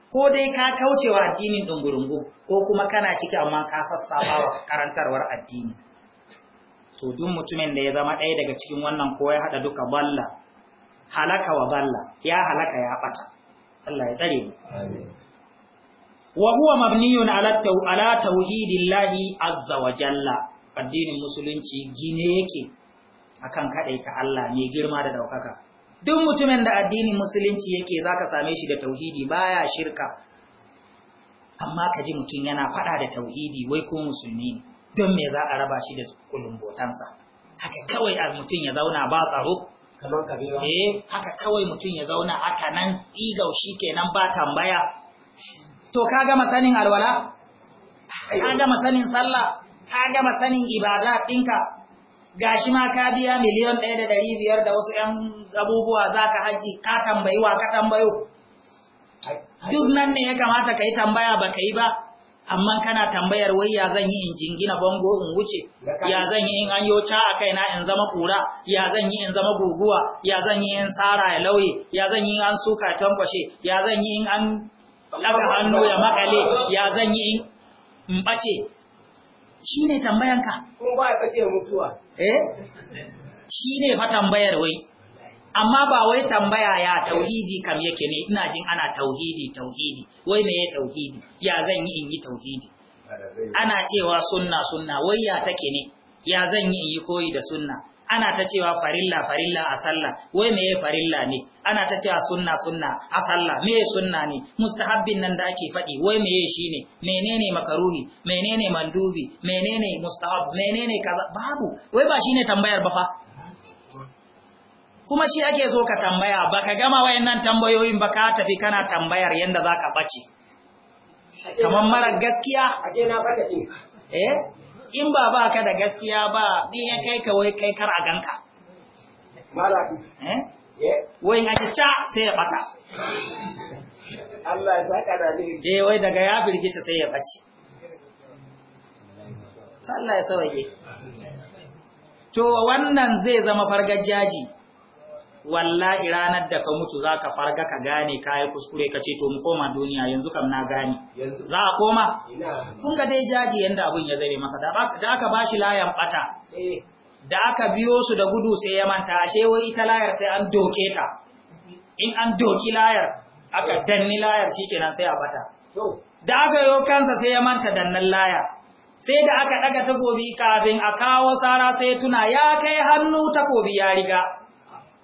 ko dai ka kaucewa addinin dungurungu ko kuma kana ciki amma ka sassa wa karantarwar addini to duk mutumin da ya zama ɗaya daga cikin wannan ko ya haɗa duka balla halaka wa balla ya halaka ya bata Allah ya tsare mu wa huwa mabniyun ala ala tauhidillahi azza wa jalla addinin musulunci gine yake akan kadaita Allah mai girma da daukaka duk mutumin da addinin musulunci yake zaka same shi da tauhidi baya shirka amma ka ji mutum yana faɗa da tauhidi wai ko musulmi ne don me za a raba shi da kulumbotansa haka kawai a mutum ya zauna ba tsaro kamar eh, haka kawai mutum ya zauna haka nan igau kenan ba tambaya to ka gama sanin alwala ka gama sanin sallah ka gama sanin ibada ɗinka Ga shi ma ka biya miliyan ɗaya da ɗari biyar da wasu ‘yan abubuwa za ka haji ka tambayi wa ka tambayo duk nan ne ya kamata ka yi tambaya ba ka yi ba amma kana tambayar wai ya zan yi in jingina bango in wuce ya zan yi in an yoca a kaina in zama kura ya zan yi in zama guguwa ya zan yi in tsara ya lauye ya zan yi an suka tankwashe ya zan yi in an daga hannu ya makale ya zan yi in ɓace shi ne tambayanka kuma ba ya mutuwa eh shi ne fa tambayar wai amma ba wai tambaya ya tauhidi kam yake ne ina jin ana tauhidi tauhidi wai me ya tauhidi ya zan yi in yi tauhidi ana cewa sunna sunna wai ya take ne ya zan yi in yi koyi da sunna ana ta cewa farilla farilla a sallah wai meye farilla ne ana ta cewa sunna sunna a sallah meye sunna ne mustahabbin nan da ake faɗi wai meye shine menene makaruhi menene mandubi menene mustahab menene kaza babu wai ba shine tambayar ba fa kuma shi ake so ka tambaya Ba ka gama wayannan tambayoyin ba ka tafi kana tambayar yanda zaka bace kamar mara gaskiya na bata din eh in ba ba ka da gaskiya ba ɗin ya kai ka wai kai kar a ganka eh? eh? wai na ta sai ya bata Allah ya saka da ni eh wai daga ya firgita sai ya bace Allah ya sauke to wannan zai zama fargajaji wallahi ranar da ka mutu za ka farga ka gane yi kuskure ka ce to mu koma duniya yanzu kam na gane za a koma kun ga dai jaji yanda abun ya zare masa da aka bashi layan bata eh. da aka biyo su da gudu sai ya manta ashe wai ita layar sai an doke ta in an doki layar aka danni layar shi kenan sai a bata da aka yo kansa sai ya manta dannan layar. sai da aka daga takobi kafin a kawo sara sai tuna ya kai hannu takobi ya riga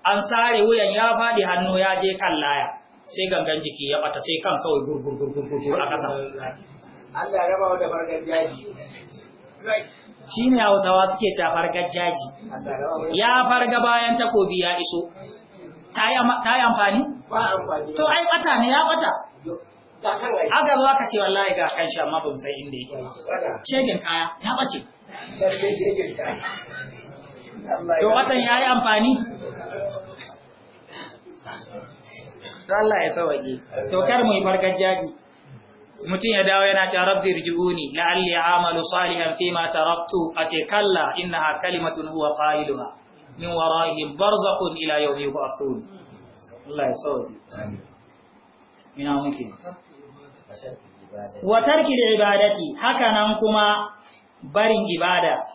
an sare wuyan ya faɗi hannu ya je kan laya sai gangan jiki ya bata sai kan kawai gurgurgurgurgur a ƙasa Allah ya raba wa da jaji shi ne hausawa suke ca fargar jaji ya farga bayan takobi ya iso ta yi amfani? to ai bata ne ya bata aka zo aka ce wallahi ga kan shi amma ba san inda yake shegin kaya ya bace to watan ya yi amfani? to Allah ya sawaje to kar mu yi farkar jaji mutum ya dawo yana cewa rabbi la alli a'malu salihan fi ma taraktu a ce kalla innaha kalimatun huwa qailuha min wara'ihim barzakhun ila yawmi yub'athun Allah ya sawaje ina muke wa tarki ibadati haka nan kuma barin ibada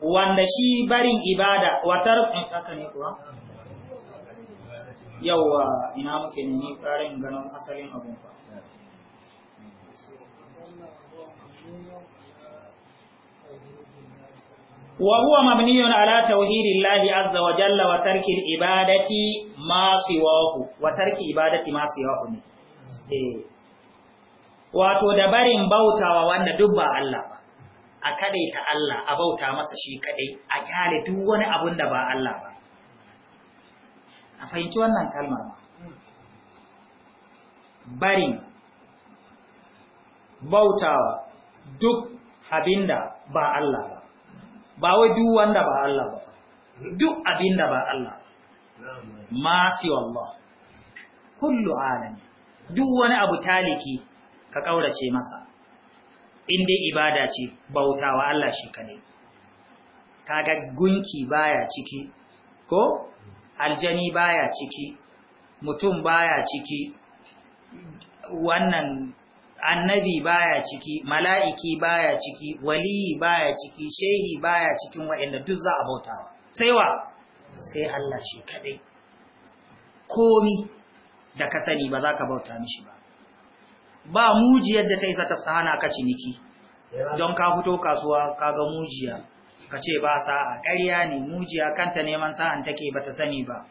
wanda shi barin ibada wa tarki haka ne kuwa yawa ina muke ne ni ƙarin ganin asalin abun fa wa huwa mabniyun ala tauhidillahi azza wa jalla wa tarki ibadati ma siwahu wa tarki ibadati ma siwahu ne eh. wato da barin bautawa wanda duk ba Allah ba a kadaita Allah a bauta masa shi kaɗai, a gane duk wani abun da ba Allah ba a fahimci wannan kalmar ba bari bautawa duk abinda ba Allah ba ba wai duk wanda ba Allah ba duk abinda ba Allah ma siwa Allah kullu alami duk wani abu taliki ka kaurace masa inda ibada ce bautawa Allah shi kane kaga gunki baya ciki ko aljani baya ciki mutum baya ciki wannan annabi baya ciki mala'iki baya ciki waliyi baya ciki shehi baya cikin wa'inda duk za a bautawa sai wa sai Allah shi kadai komi da ka sani ba za ka bauta mishi ba ba mujiyar da ta isa ta tsana ka ciniki don ka fito kasuwa ka ga mujiya ka ce ba sa'a ƙarya ne mujiya kanta neman sa'an take ba ta sani ba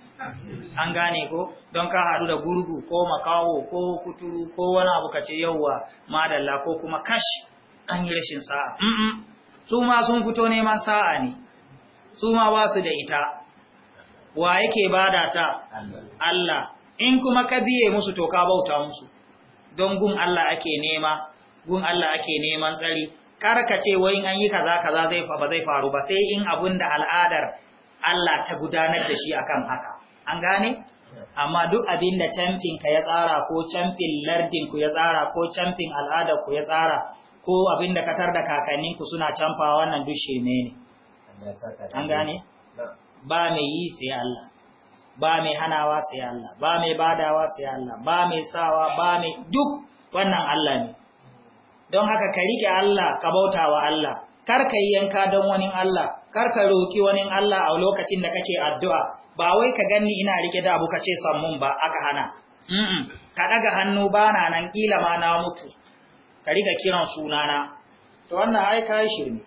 an gane ko don ka haɗu da gurgu ko makawo ko kuturu ko wani abu ka ce yauwa madalla ko kuma kash an yi rashin sa'a su ma sun fito neman sa'a ne su ma ba su da ita wa yake bada ta Allah in kuma ka biye musu to ka bauta musu don gun Allah ake nema gun Allah ake neman tsari ce wai an yi kaza kaza zai fa ba zai faru ba sai in abun da al'adar Allah ta gudanar da shi akan haka an gane amma duk abin da camfin ka ya tsara ko camfin lardin ku ya tsara ko camfin al'adar ku ya tsara ko abin da katar da kakannin ku suna camfa wannan duk ne ne an gane ba mai yi sai Allah ba mai hanawa sai Allah ba mai badawa sai Allah ba mai sawa ba mai duk wannan Allah ne don haka ka riƙe Allah ka bauta wa Allah kar ka yi yanka don wani Allah kar ka roƙi wani Allah a lokacin da kake addu'a ba wai ka ganni ina riƙe da abu ka ce sammun ba aka hana ka ɗaga hannu bana nan ƙila ma na mutu ka riƙa kiran sunana to wannan ai shirme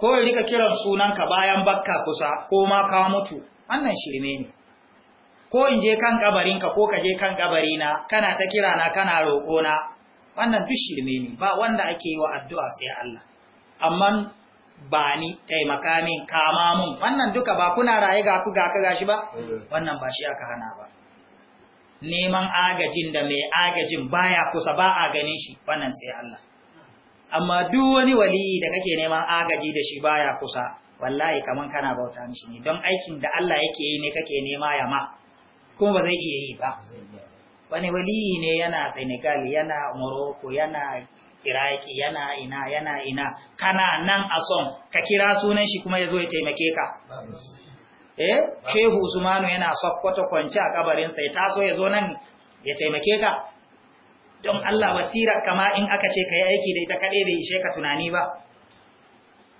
ko ya riƙa kiran sunanka bayan bakka kusa ko ma ka mutu wannan shirme ne ko in je kan ƙabarinka ko ka je kan ƙabarina, kana ta kirana kana roƙona wannan duk shirme ne ba wanda ake yi wa addu'a sai Allah amma ba ni taimaka min kama mun wannan duka ba kuna raye ga ku ga ka gashi ba wannan ba shi aka hana ba neman agajin da mai agajin baya kusa ba a ganin shi wannan sai Allah amma duk wani waliyi da kake neman agaji da shi baya kusa wallahi kaman kana bauta mishi ne don aikin da Allah yake yi ne kake nema ya ma kuma ba zai iya yi ba wani waliyi ne yana senegal yana morocco yana iraki yana ina yana ina kana nan a son ka kira sunan shi kuma ya zo ya taimake ka eh shehu usmanu yana sokoto kwance a kabarinsa ya taso ya zo nan ya taimake ka don allah wasira kama in aka ce ka yi aiki da ita kaɗai bai ishe ka tunani ba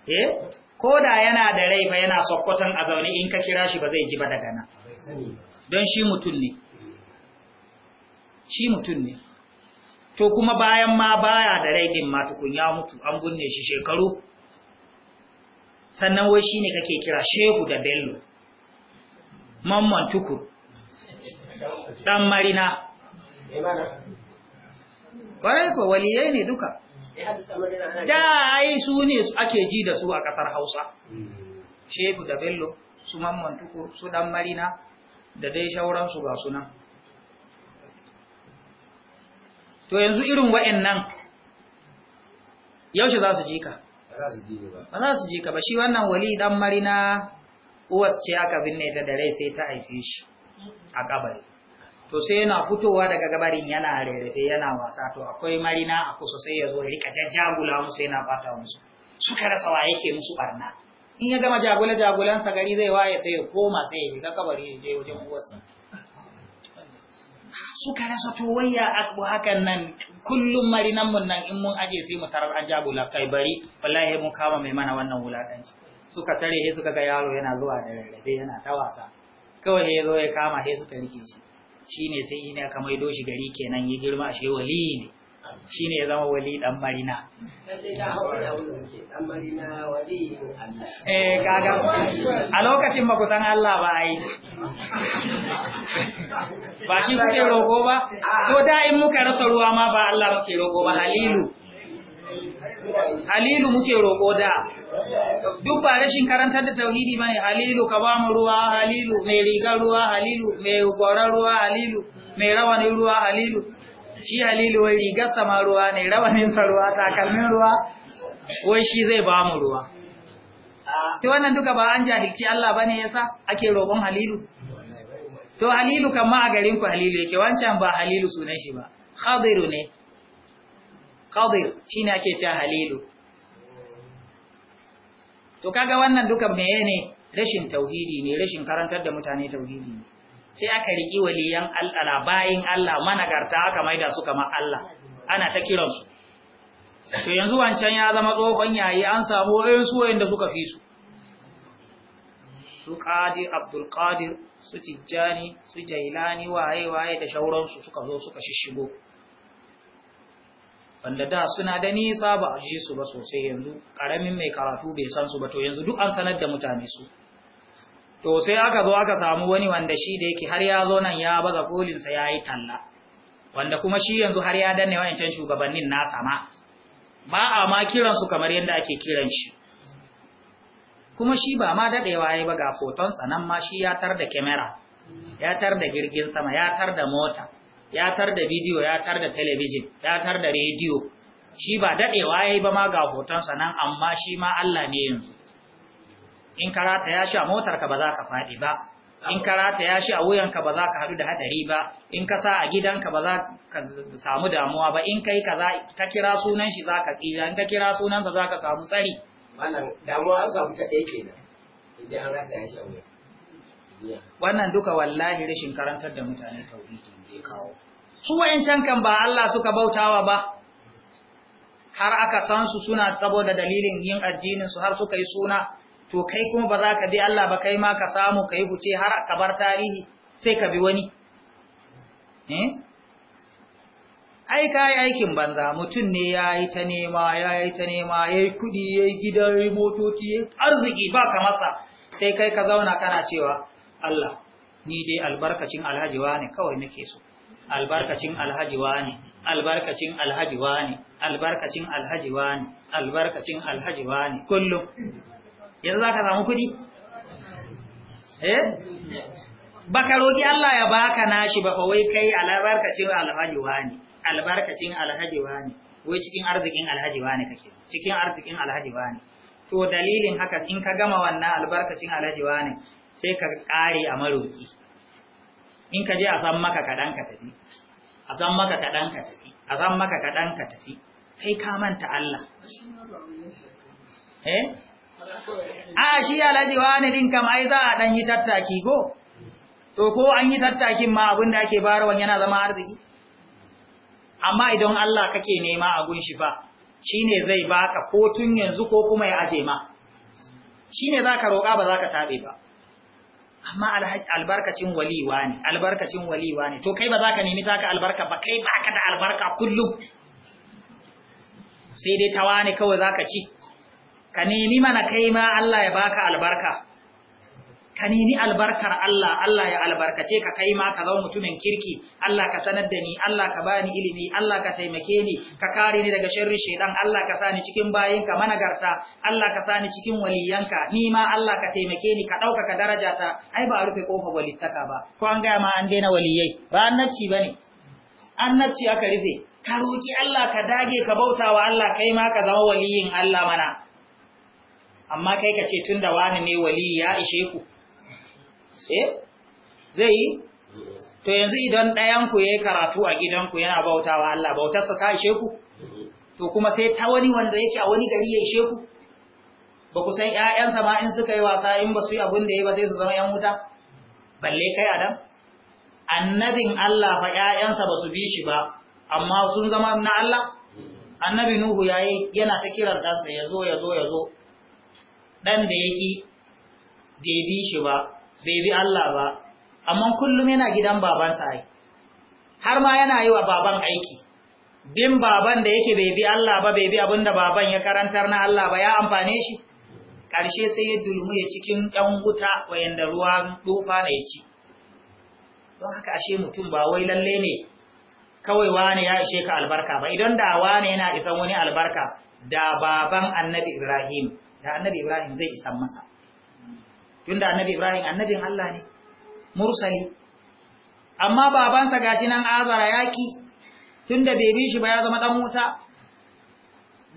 eh ko da yana da rai fa yana sokoton a zaune in ka kira shi ba zai ji ba daga nan don shi mutum ne shi mutum ne to kuma bayan ma baya da raidin ma tukun ya mutu an binne shi shekaru sannan wai shi ne kake kira shehu da bello mamman tukur dan marina kwarai ko waliyai ne duka da ai su ne ake ji da su a ƙasar hausa shehu da bello su mamman tukur su dan marina da dai shauransu ga sunan to yanzu irin nan yaushe za su ji ka ba za su ji ba shi wannan wali dan marina uwas ce aka binne ta dare sai ta haife shi a kabari to sai yana fitowa daga gabarin yana rarrafe yana wasa to akwai marina a kusa sai ya zo ya rika jajjagula musu yana bata musu suka rasa wa yake musu barna in ya gama jagula jagulansa gari zai waye sai ya koma sai ya bi kabari ya je wajen uwarsa suka rasa to wayya abu hakan nan kullum marinan mun nan in mun aje sai mu tarar ajabu la kai bari wallahi mun kama mai mana wannan wulakanci suka tare he suka ga yaro yana zuwa da rarrafe yana ta wasa kawai he zo ya kama he suka rike shi shine sai shine aka maido shi gari kenan ya girma shi wali ne shine ya zama wali dan marina eh kaga a lokacin ba ku san Allah ba ai ba shi kuke roƙo ba ko da in muka rasa ruwa ma ba Allah muke roƙo ba halilu halilu muke roƙo da duk ba rashin karantar da tauhidi bane halilu ka ba mu ruwa halilu mai rigar ruwa halilu mai gora ruwa halilu mai rawani ruwa halilu shi halilu wai rigar sama ruwa ne rawanin sa ruwa takalmin ruwa wai shi zai ba mu ruwa To wannan duka ba an jahilci Allah bane yasa ake roƙon Halilu. To Halilu kan ma a garin ku Halilu yake wancan ba Halilu sunan shi ba. Khadiru ne. shi ne ake cewa Halilu. To kaga wannan duka meye ne? Rashin tauhidi ne, rashin karantar da mutane tauhidi ne. Sai aka riki waliyan Allah bayin Allah managarta aka maida su kamar Allah. Ana ta kiransu. to yanzu wancan ya zama tsohon yayi an samu wayan su wayanda suka fi su su qadir abdul qadir su tijjani su jailani waye waye da su suka zo suka shishigo wanda da suna da nisa ba a ji su ba sosai yanzu karamin mai karatu bai san su ba to yanzu duk an sanar da mutane su to sai aka zo aka samu wani wanda shi da yake har ya zo nan ya baza kolinsa ya yi talla wanda kuma shi yanzu har ya danne wayancan shugabannin nasa ma ba a ma kiransu kamar yadda ake kiran shi kuma shi ba ma daɗewa ya ba ga fotonsa nan ma shi ya tar da kyamara ya tar da jirgin sama ya tar da mota ya tar da bidiyo ya tar da telebijin ya tar da rediyo shi ba daɗewa ya ba ma ga hoton nan amma shi ma Allah ne yanzu in karata ya sha motarka ba za ka faɗi ba in ka rataya shi a wuyanka ba za ka haɗu da hadari ba in ka sa a gidanka ba za ka samu damuwa ba in kai kaza ka kira sunan shi za ka tsira in ka kira sunansa za ka samu tsari wannan damuwa an samu ta ɗaya kenan idan an rataya shi a wuya wannan duka wallahi rashin karantar da mutane tauhidi ne kawo su wayancan kan ba Allah suka bautawa ba har aka san su suna saboda dalilin yin addinin su har suka yi suna to kai kuma ba za ka bi Allah ba kai ma ka samu ka yi huce har ka bar tarihi sai ka bi wani eh? ai ka yi aikin banza mutum ne ya yi ta nema ya yi ta nema ya yi kuɗi ya gida ya yi motoci arziki ba ka masa sai kai ka zauna kana cewa Allah ni dai albarkacin alhaji ne kawai nake so albarkacin alhaji ne albarkacin alhaji ne albarkacin alhaji ne albarkacin alhaji ne kullum yanzu za ka samu kuɗi eh baka roki Allah ya baka nashi ba fa wai kai albarkacin alhaji wani albarkacin alhaji wani wai cikin arzikin alhaji wani kake cikin arzikin alhaji wani to dalilin haka in ka gama wannan albarkacin alhaji wani sai ka kare a maroki in ka je a san maka kaɗan ka tafi a san maka kaɗan ka tafi a san maka kaɗan ka tafi kai ka manta Allah eh a shi alhaji wani din kam ai za a dan yi tattaki ko to ko an yi tattakin ma abin da ake barawan yana zama arziki amma idan Allah kake nema a shi fa shine zai baka ko tun yanzu ko kuma ya aje ma shine zaka roƙa ba za ka tabe ba amma albarkacin waliwa ne albarkacin waliwa ne to kai ba za ka nemi taka albarka ba kai baka da albarka kullum sai dai tawa ne kawai zaka ci ka nemi mana kai ma Allah ya baka albarka ka nemi albarkar Allah Allah ya albarkace ka kai ma ka zama mutumin kirki Allah ka sanar da ni Allah ka bani ilimi Allah ka taimake ni ka kare ni daga sharrin shedan Allah ka sani cikin bayinka managarta Allah ka sani cikin waliyanka ni ma Allah ka taimake ni ka ɗaukaka ka darajata ai ba a rufe kofa walittaka ba ko an gaya ma an daina waliyai ba annabci bane annabci aka rufe ka roƙi Allah ka dage ka bauta wa Allah kai ma ka zama waliyin Allah mana amma kai ka ce tun da wani ne wali ya ishe ku eh zai yi to yanzu idan ɗayanku ya yi karatu a gidanku yana bautawa Allah bautarsa ta ishe ku to kuma sai ta wani wanda yake a wani gari ya ishe ku ba ku san ‘ya'yansa ma in suka yi wasa in ba su yi abin da ya ba zai su zama ‘yan wuta balle kai adam annabin Allah fa ‘ya'yansa ba su bi shi ba amma sun zama na Allah annabi Nuhu ya yi yana ta kiran ɗansa ya zo ya zo ya zo ɗan da yake bai bi shi ba bai bi Allah ba amma kullum yana gidan babansa ai har ma yana yi wa baban aiki bin baban da yake bai bi Allah ba bai bi abin da baban ya karantar na Allah ba ya amfane shi Karshe sai ya dulmu ya cikin ɗan wuta wayanda ruwan tufa na ya ci don haka ashe mutum ba wai lalle ne kawai wane ya ishe ka albarka ba idan da wane yana isan wani albarka da baban annabi Ibrahim da annabi Ibrahim zai isan masa tunda annabi Ibrahim annabin Allah ne mursali amma babansa gashi nan azara yaki tunda bai bi shi ba ya zama dan wuta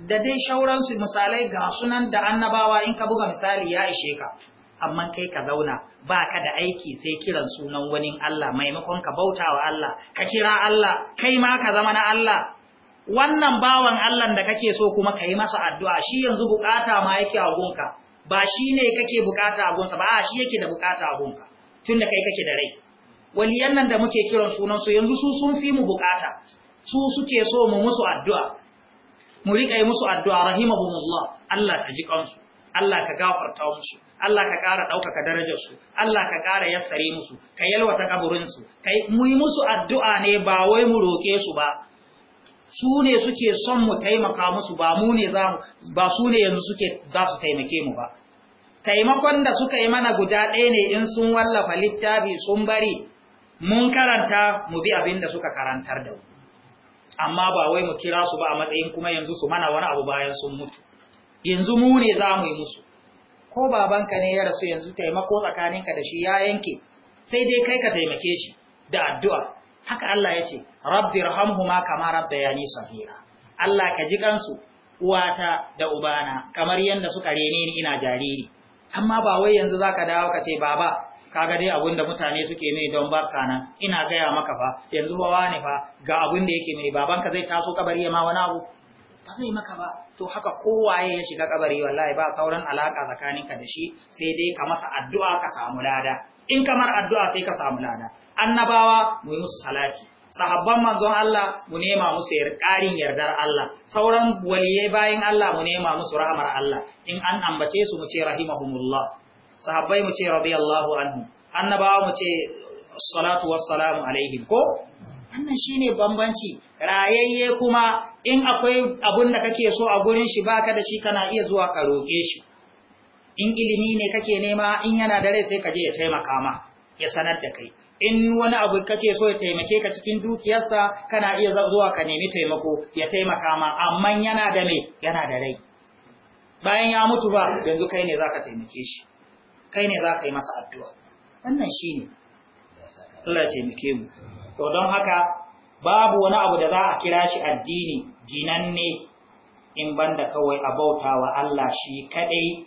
da dai shauransu misalai ga sunan da annabawa in ka buga misali ya ishe ka amma kai ka zauna ba ka da aiki sai kiran sunan wani Allah maimakon ka bauta wa Allah ka kira Allah kai ma ka zama na Allah wannan bawan Allah da kake so kuma ka yi masa addu'a shi yanzu bukata ma yake a gunka ba shi ne kake bukata a ba a shi yake da bukata a gunka tun da kai kake da rai waliyan nan da muke kiran sunan su yanzu su sun fi mu bukata su suke so mu musu addu'a mu rika yi musu addu'a rahimahumullah Allah ka ji kansu Allah ka gafarta musu Allah ka ƙara ɗaukaka darajarsu, Allah ka ƙara yassare musu, ka yalwata kaburinsu, mu yi musu addu'a ne ba wai mu roƙe su ba, su ne suke son mu taimaka musu ba mu ne ba su ne yanzu suke za su taimake mu ba taimakon da suka yi mana guda ɗaya ne in sun wallafa littafi sun bari mun karanta mu bi abin da suka karantar da mu amma ba wai mu kira su ba a matsayin kuma yanzu su mana wani abu bayan sun mutu yanzu mu ne za mu yi musu ko babanka ne ya rasu yanzu taimako tsakaninka da shi ya yanke sai dai kai ka taimake shi da addu'a haka Allah ya ce rabbi rahamhuma kama rabbayani saghira Allah ka ji kansu uwata da ubana kamar yanda suka rene ni ina jariri amma ba wai yanzu zaka dawo ka ce baba kaga dai abinda mutane suke mini don baka nan ina gaya maka fa yanzu ba wani fa ga abunda yake mini babanka zai taso kabari ya ma wani abu ba zai maka ba to haka kowaye ya shiga kabari wallahi ba sauran alaka tsakaninka da shi sai dai ka masa addu'a ka samu lada in kamar addu'a sai ka samu lada annabawa mu yi musu salati sahabban manzon Allah mu nema musu ƙarin yardar Allah sauran waliyai bayin Allah mu nema musu rahmar Allah in an ambace su mu ce rahimahumullah sahabbai mu ce radiyallahu anhu annabawa mu ce salatu wassalamu alaihim ko wannan shine bambanci rayayye kuma in akwai abun da kake so a gurin shi baka da shi kana iya zuwa ka roke shi in ilimi ne kake nema in yana da rai sai ka je ya taimaka ma ya sanar da kai in wani abu kake so ya taimake ka cikin dukiyarsa kana iya zuwa ka nemi taimako ya taimaka ma amma yana da me yana da rai bayan ya mutu ba yanzu kai ne zaka taimake shi kai ne zaka yi masa addu'a wannan shine Allah ya taimake mu to don haka babu wani abu da za a kira shi addini ginanne in banda kawai a bautawa Allah shi kadai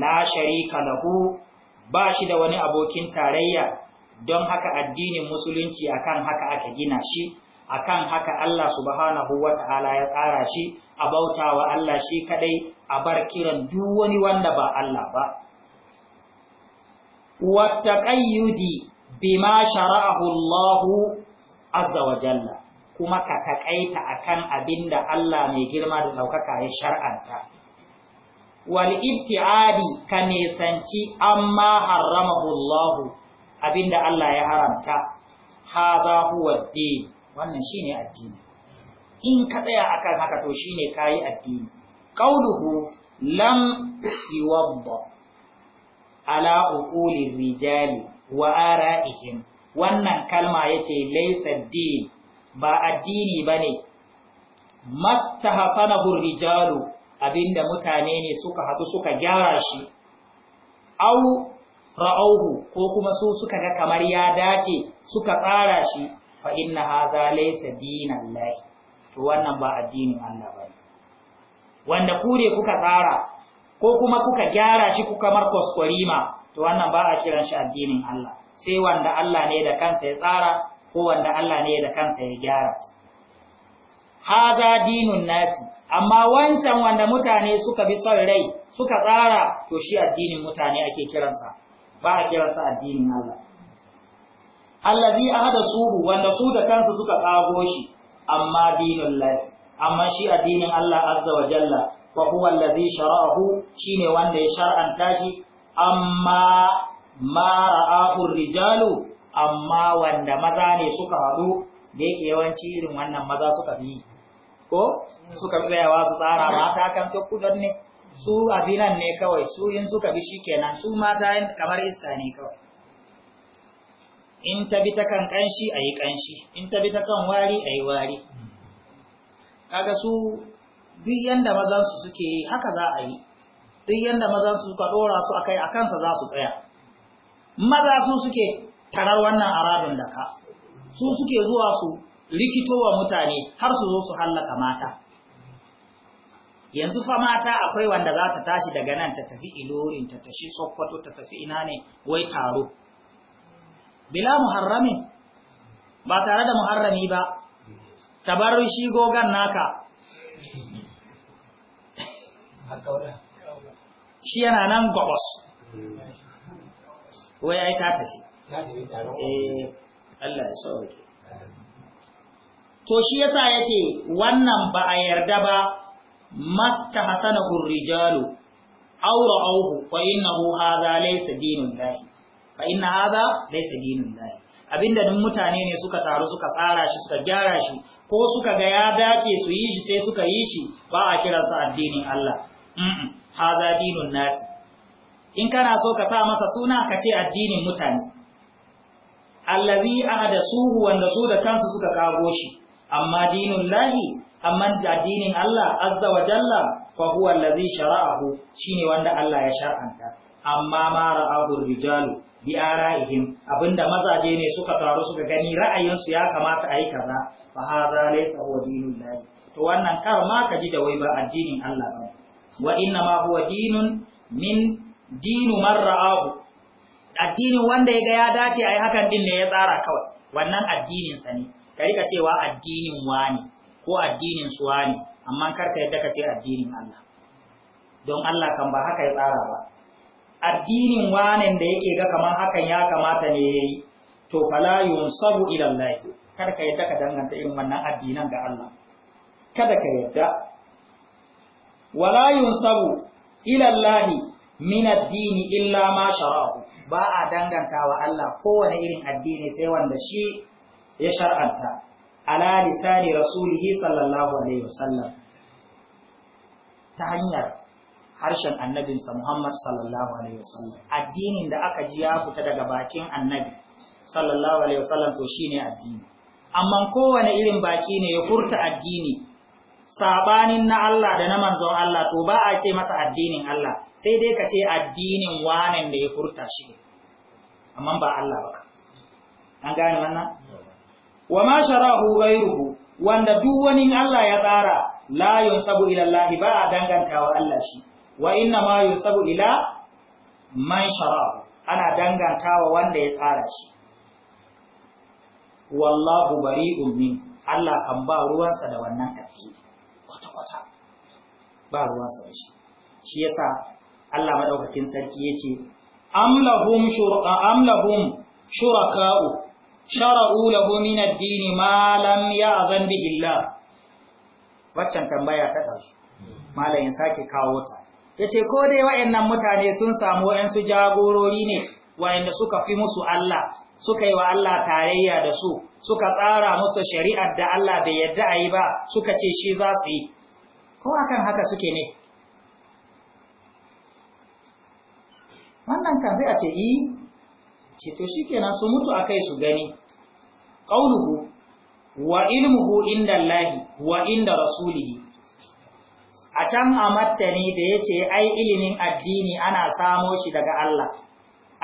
la sharika lahu ba shi da wani abokin tarayya don haka addinin musulunci akan haka aka gina shi akan haka Allah subhanahu wa ta'ala ya tsara shi a bautawa Allah shi kadai a bar kiran duk wani wanda ba Allah ba ƙayyudi bima shara'ahu Allah azza wa jalla kuma ka takaita akan abinda Allah mai girma da daukaka ya shar'anta wal ibtiadi ka nisanci amma haramahu Allah abinda Allah ya haramta hadha huwa din wannan shine addini in ka tsaya akan haka to shine kai addini qauluhu lam yuwadda ala uquli rijali wa ara'ihim wannan kalma yace Laisa din ba addini bane mastahsanahu rijalu abinda mutane ne suka hadu suka gyara shi au ra'auhu ko kuma su suka ga kamar ya dace suka tsara shi fa inna hadha laysa dinan lahi to wannan ba addinin Allah bane wanda kure kuka tsara ko kuma kuka gyara shi kuka mar kwaskwarima to wannan ba a kiran shi addinin Allah sai wanda Allah ne da kansa ya tsara ko wanda Allah ne da kansa ya gyara haza dinun nasi amma wancan wanda mutane suka bi son rai suka tsara to shi addinin mutane ake kiransa ba a kiransa addinin Allah allazi ahada suhu wanda su da kansu suka kago shi amma dinin lai, amma shi addinin Allah azza wa jalla wa huwa allazi shara'ahu shine wanda ya shar'anta shi amma ma ra'ahu rijalu amma wanda maza ne suka haɗu da yake yawanci irin wannan maza suka fi ko suka tsayawa su tsara mata kan tukkudan ne su abinan ne kawai su in suka bi shi kenan su mata kamar iska ne kawai in ta bi ta kan kanshi a yi kanshi in ta bi ta kan wari a yi wari kaga su duk yanda mazansu suke yi haka za a yi duk yanda mazansu suka dora su akai a kansa za su tsaya maza su suke tarar wannan aradun da ka su suke zuwa su wa mutane har su zo su hallaka mata yanzu fa mata akwai wanda za ta tashi daga nan ta tafi ilorin ta tashi sokoto ta tafi ina ne wai taro bila muharramin ba tare da muharrami ba ta bar shi gogan naka shi yana nan gobos wai ai ta tafi eh Allah ya sauke to shi yasa yake wannan ba a yarda ba masta hasana rijalu aura auhu fa innahu hadha laysa dinun lahi fa inna hadha laysa dinun lahi abinda dun mutane ne suka taru suka tsara shi suka gyara shi ko suka ga ya dace su yi shi sai suka yi shi ba a kiransa addinin Allah haza dinun nas in kana so ka sa masa suna ka ce addinin mutane allazi ahda suhu wanda su da kansu suka kago shi amma dinun lahi amma addinin Allah azza wa jalla fa huwa allazi shara'ahu shine wanda Allah ya shar'anta amma ma ra'ahu rijalu bi ara'ihim abinda mazaje ne suka taru suka gani ra'ayinsu ya kamata ayi kaza fa hadha laysa huwa dinul to wannan kar ma ka ji da wai ba addinin Allah ba wa inna ma huwa dinun min dinu man ra'ahu addinin wanda yaga ya dace ai hakan din ne ya tsara kawai wannan addinin sa ne ka rika cewa addinin wani ko addinin suwa ne amma karka yadda ka ce addinin Allah don Allah kan ba haka ya tsara ba addinin wane da yake ga kamar hakan ya kamata ne yi, to fala yunsabu ila Allah karka yadda ka danganta irin wannan addinan ga Allah kada ka yadda wala sabu ila Allah min addini illa ma shara'u ba a danganta wa Allah kowane irin addini sai wanda shi ya shar'anta ala lisani rasulihi sallallahu alaihi wasallam ta hanyar harshen annabinsa Muhammad sallallahu alaihi wasallam addinin da aka ji ya fita daga bakin annabi sallallahu alaihi wasallam to shine addini amma kowane irin baki ne ya furta addini sabanin na Allah da na manzon Allah to ba a ce masa addinin Allah sai dai ka ce addinin wanen da ya furta shi amma ba Allah ba an gane wannan wa ma sharahu ghayruhu wanda duk wani Allah ya tsara la yunsabu ila Allah ba a dangantawa Allah shi wa inna ma yunsabu ila man sharahu ana dangantawa wanda ya tsara shi wallahu bari'un min Allah kan ba ruwansa da wannan addini kwata-kwata ba ruwansa da shi shi yasa Allah madaukakin sarki yace am lahum shuraka am lahum shuraka'u shara'u lahu min ad-din ma lam ya'zan bi illah waccan tambaya ta dauki malamin sake kawo ta yace ko dai wayennan mutane sun samu su jagorori ne wayanda suka fi musu Allah suka yi wa Allah tarayya da su suka tsara musu shari'ar da Allah bai yadda a yi ba suka ce shi za su yi ko akan haka suke ne wannan kan sai a ce yi ce to shikenan su mutu akai su gani qauluhu wa ilmuhu inda Allahi wa inda rasulihi a can a mattani da ya ce ai ilimin addini ana samo shi daga Allah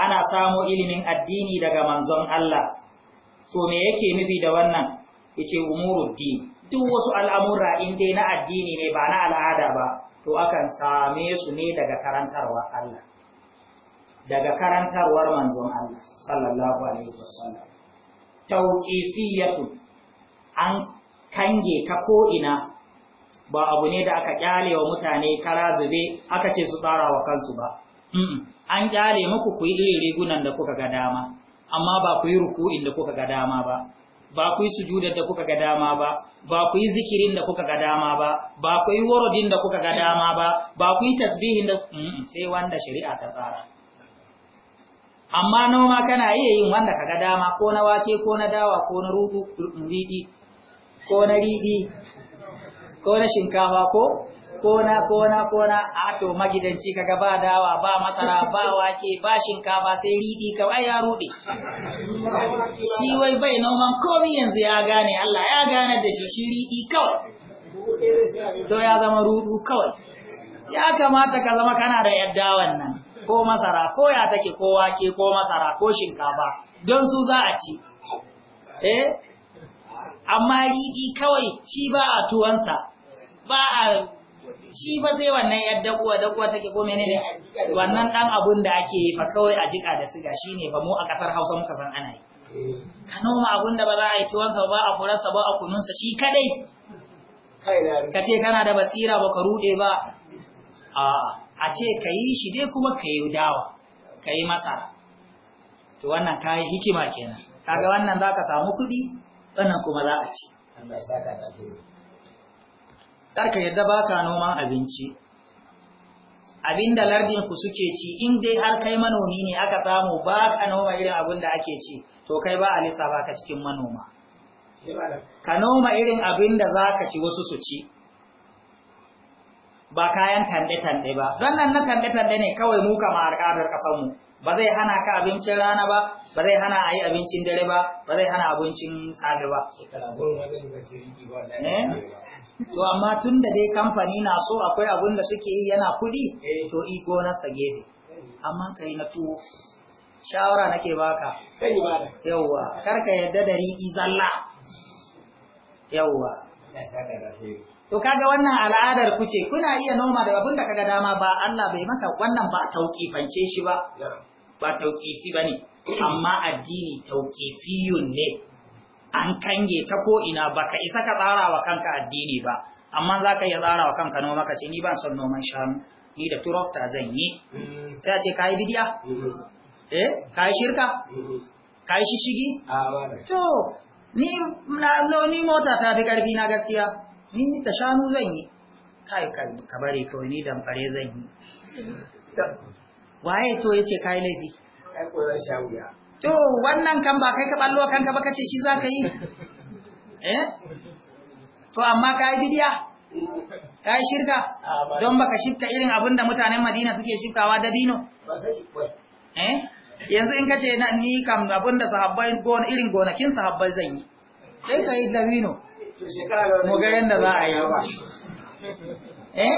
ana samo ilimin addini daga manzon Allah to me yake nufi da wannan yace umuruddin duk wasu al'amura in dai na addini ne ba na al'ada ba to akan same su ne daga karantarwa Allah daga karantarwar manzon Allah sallallahu alaihi wasallam tauqifiyatu an kange ta ko'ina ba abu ne da aka kyale wa mutane kara zube aka ce su tsara wa kansu ba an kyale muku ku yi irin rigunan da kuka ga dama amma ba ku yi ruku'in da kuka ga dama ba ba ku yi sujudar da kuka ga dama ba ba ku yi zikirin da kuka ga dama ba ba ku yi warodin da kuka ga dama ba ba ku yi tasbihin da sai wanda shari'a ta tsara amma noma kana iya yin wanda kaga dama ko na wake ko na dawa ko na rudu riɗi ko na riɗi ko na shinkafa ko ko na ko na ko na a to magidanci kaga ba dawa ba masara ba wake ba shinkafa sai riɗi kawai ya ruɗe shi wai bai noman komi yanzu ya gane Allah ya gane da shi shi riɗi kawai to ya zama rudu kawai ya kamata ka zama kana da yadda wannan ko masara ko ya take ko wake ko masara ko shinkafa don su za a ci eh amma riɗi kawai shi ba a tuwansa ba a shi ba sai wannan yar dakuwa dakuwa take ko menene wannan dan abun da ake yi fa kawai a jika da siga shine ba mu a kasar Hausa muka san ana yi ka noma abun da ba za a yi tuwansa ba a kurarsa ba a kununsa shi kadai ka ce kana da basira ba ka rude ba a'a a ce ka yi shi dai kuma ka yi dawa ka yi masara to wannan ka yi hikima kenan kaga wannan za ka samu kuɗi wannan kuma za a ci karka yadda ba ka noman abinci abinda lardin ku suke ci in dai har kai manomi ne aka samu ba ka noma irin abin da ake ci to kai ba a ba ka cikin manoma ka noma irin abin da za ka ci wasu su ci ba kayan tanɗe-tanɗe ba don nan na tanɗe-tanɗe ne kawai mu kama al'adar mu. ba zai hana ka abincin rana ba ba zai hana a abincin dare ba ba zai hana abincin safe ba eh? to amma tun da dai kamfani na so akwai abin da suke yi yana kuɗi to iko na sage ne, amma kai na tuwo shawara nake baka yauwa karka yadda da riƙi zalla yauwa to kaga wannan al'adar ku ce kuna iya noma da abin da kaga dama ba Allah bai maka wannan ba tauqifance shi ba ba tauqifi bane amma addini tauqifiyun ne an kange ta ko ina baka isa ka tsara wa kanka addini ba amma zaka iya tsara wa kanka noma ka ce ni ban son noman shanu ni da turokta zan yi sai a ce kai bidiya eh kai shirka kai shishigi to ni na ni mota ta fi karfi na gaskiya ni da shanu zan yi kai ka bari kawai ni damfare zan yi waye to yace kai laifi to wannan kan ba kai ka ballo kanka ba kace shi zaka yi eh to amma kai bidiya kai shirka don baka shirka irin da mutanen Madina suke shirkawa da bino eh yanzu in kace ni kam abinda sahabbai gona irin gonakin sahabbai zan yi sai kai dabino mu ga yadda za a yi ba eh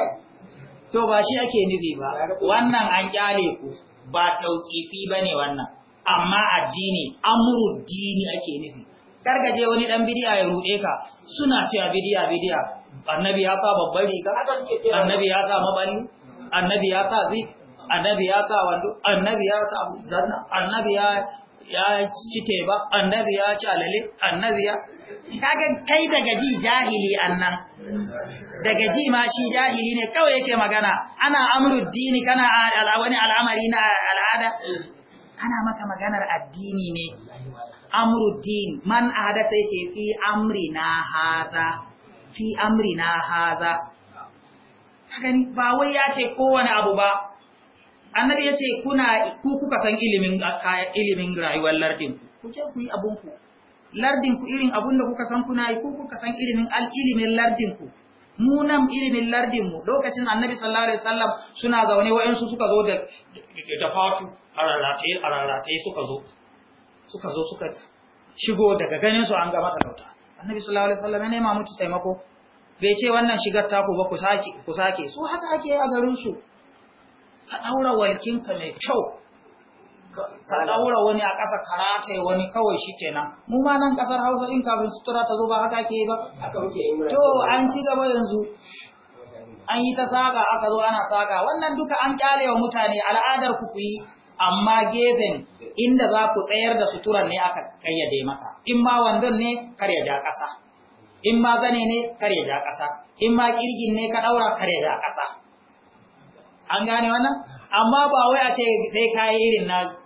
to ba shi ake nufi ba wannan an kyale ku ba tauƙifi ba ne wannan amma addini amuru dini ake nufi gargaje wani ɗan bidiya ya ruɗe ka suna cewa bidiya bidiya annabi ya sa babbar riga annabi ya sa maballi annabi ya sa zik annabi ya sa wando annabi ya sa zanna annabi ya ya ci teba annabi ya ci alale annabi ya kaga kai daga ji jahili annan daga ji ma shi jahili ne kawai yake magana ana amruddini kana wani al'amari na al'ada ana maka maganar addini ne amruddin man sai ke fi amrina hadha fi amrina hadha gani ba wai ya ce kowane abu ba annabi ya ce kuna ku kuka san ilimin ilimin rayuwar lardin ku ce ku yi abunku lardin ku irin abun da kuka san kuna yi ku kuka san ilimin al'ilimin lardin ku mu nan ilimin lardin mu lokacin annabi sallallahu alaihi wasallam suna zaune su suka zo da da fatu ararate ararate suka zo suka zo suka shigo daga ganin su an ga lauta annabi sallallahu alaihi wasallam ya nema mutu taimako bai ce wannan shigar ta ku ba ku sake ku sake su haka ake a garin su ka daura walkinka mai kyau ka daura wani a ƙasa karata wani kawai shi kenan mu ma nan ƙasar hausa in kafin sutura ta zo ba haka ke ba to an ci gaba yanzu an yi ta saga aka zo ana saga wannan duka an kyale wa mutane al'adar ku yi amma gefen inda za ku tsayar da suturan ne aka kayyade maka in ma wandon ne kar ya ja ƙasa in ma zane ne kar ya ja ƙasa in ma kirgin ne ka daura kar ya ja ƙasa an gane wannan amma ba wai a ce sai kayi irin na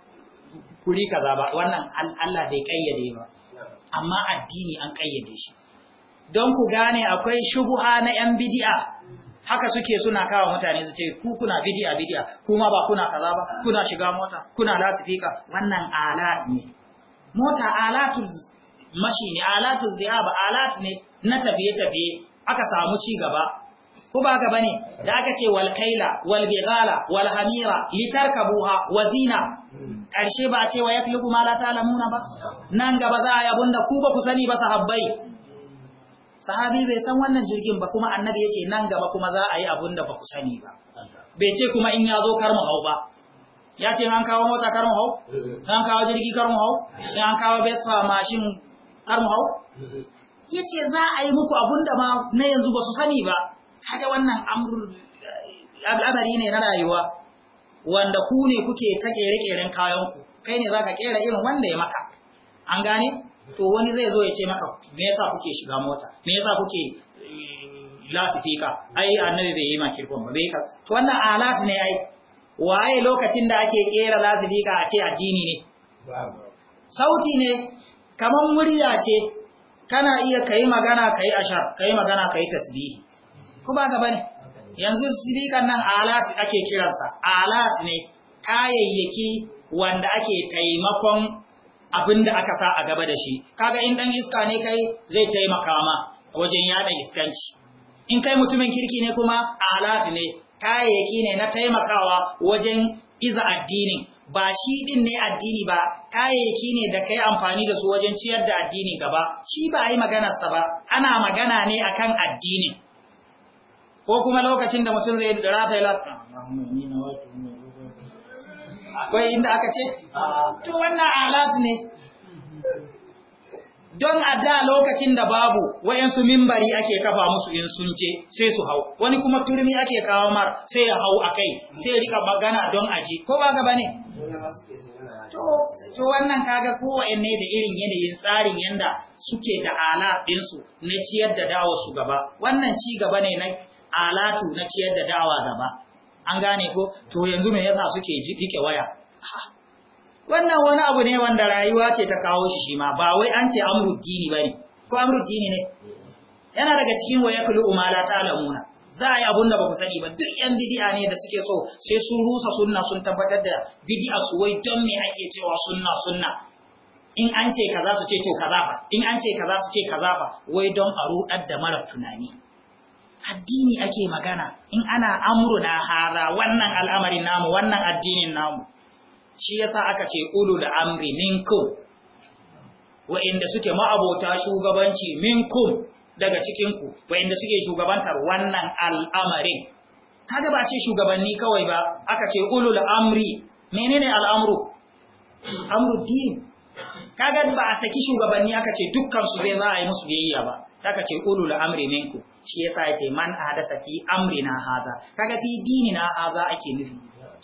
kuri kaza ba wannan Allah bai kayyade ba amma addini an kayyade shi don ku gane akwai shubuha na yan bidi'a. haka suke suna kawo mutane su ce ku kuna bid'a bid'a kuma ba kuna kaza ba kuna shiga mota kuna lasifika wannan ala ne mota alatul mashi ne alatul zihaba alat ne na tafiye tafiye aka samu ci gaba ko ba ka ne da aka ce wal kaila wal bighala wal hamira litarkabuha Wazina? ƙarshe ba a ce wa ya kliku ma la lamuna ba nan gaba za a yi da ku ba ku sani ba sahabbai sahabi bai san wannan jirgin ba kuma annabi ya ce nan gaba kuma za a yi da ba ku sani ba bai ce kuma in ya zo kar mu hau ba ya ce an kawo mota kar mu hau an kawo jirgi kar mu hau an kawo vespa mashin kar mu hau ya ce za a yi muku da ma na yanzu ba su sani ba kaga wannan amrul al'amari ne na rayuwa wanda ku ne kuke ta kere-keren kayanku kai ne za ka kera irin wanda ya maka an gane to wani zai zo ya ce maka me yasa kuke shiga mota me yasa kuke eh, lasifika ai annabi bai yi maki ba bai ka to wannan alat ne ai waye lokacin da ake kera lasifika a ce addini ne sauti ne kaman murya ce kana iya kai magana kai ashar kai magana kai tasbihi ko ba ka bane yanzu sifikan nan alas ake kiransa alas ne kayayyaki wanda ake taimakon abin da aka sa a gaba da shi kaga in dan iska ne kai zai taimaka ma wajen yada iskanci in kai mutumin kirki ne kuma alas ne kayayyaki ne na taimakawa wajen iza addinin ba shi din ne addini ba kayayyaki ne da kai amfani da su wajen ciyar da addini gaba shi ba a yi maganarsa ba ana magana ne akan addinin ko kuma lokacin da mutum zai da rata ila akwai inda aka ce to wannan alat ne don a da lokacin da babu wayansu mimbari ake kafa musu in sun ce sai su hau wani kuma turmi ake kawo mar sai ya hau a kai sai rika magana don aji ko ba gaba ne to wannan kaga kowanne da irin yanayin tsarin yanda suke da ala ɗinsu na ciyar da dawo su gaba wannan ci gaba ne na alatu na ciyar da dawa gaba an gane ko to yanzu me yasa suke rike waya wannan wani abu ne wanda rayuwa ce ta kawo shi shi ba wai an ce amruddini bane ko amruddini ne yana daga cikin waya kulu umala ta'lamuna za a yi abun da ba ku sani ba duk yan bid'a ne da suke so sai sun rusa sunna sun tabbatar da bid'a su wai don me ake cewa sunna sunna in an ce kaza su ce to kaza fa in an ce kaza su ce kaza fa wai don a ruɗar da mara tunani addini ake magana in ana amuru na hara wannan al'amarin namu wannan addinin namu shi yasa aka ce ulul amri minkum wa'inda suke ma'abota shugabanci minkum daga cikinku wa'inda suke shugabantar wannan al'amarin kaga ba ce shugabanni kawai ba aka ce ulul amri menene al'amru amru din kaga ba a saki shugabanni aka ce dukkan su zai za a yi musu biyayya ba saka ce ulul amri minku shi yasa yace man hadasa fi amrina haza kaga fi na haza ake nufi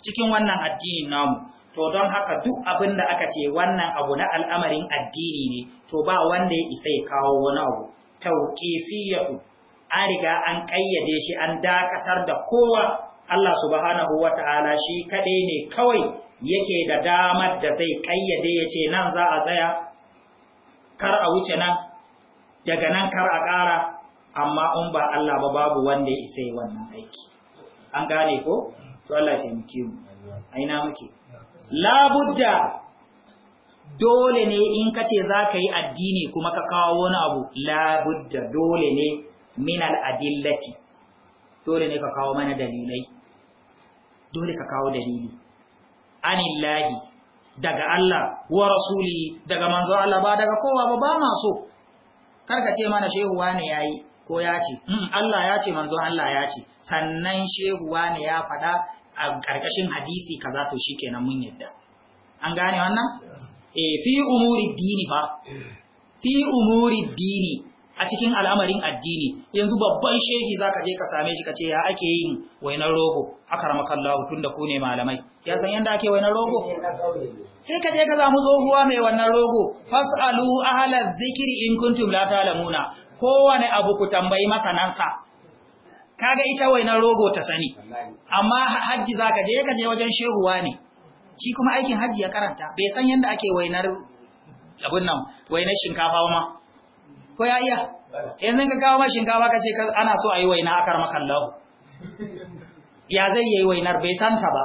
cikin wannan addinin namu to don haka duk abin da aka ce wannan abu na al'amarin addini ne to ba wanda ya isa ya kawo wani abu tauqifiyatu an riga an kayyade shi an dakatar da kowa Allah subhanahu wata'ala shi kadai ne kawai yake da damar da zai kayyade yace nan za a tsaya kar a wuce nan daga nan kar a ƙara amma in ba Allah ba babu wanda ya isa yi wannan aiki an gane ko to Allah taimake mu aina muke labudda dole ne in ka ce za ka yi addini kuma ka kawo wani abu labudda dole ne min adillati dole ne ka kawo mana dalilai dole ka kawo dalili anillahi daga Allah wa rasuli daga manzo Allah ba daga kowa ba ba ma so kar ce mana shehu wane yi ko ya ce mm, Allah ya ce manzon Allah ya ce sannan shehu wane ya faɗa a ƙarƙashin hadisi ka kaza to shi kenan mun yadda an gane wannan eh fi umuri dini ba fi umuri dini a cikin al'amarin addini yanzu babban shehi zaka je ka same shi ka ce ya ake yin wainar rogo kallahu tunda ku ne malamai ya san yanda ake wainar rogo sai ka je ka samu tsohuwa mai wannan rogo fasalu ahla zikri in kuntum la ta'lamuna kowane abu ku tambayi masanansa kaga ita wainar rogo ta sani amma hajji zaka je ka je wajen shehuwa ne shi kuma aikin hajji ya karanta bai san yanda ake wainar abun nan wainar shinkafa ma ko ya iya yanzu ka kawo shinkafa ka ce ana so a yi waina akar makallahu ya zai yi wainar bai san santa ba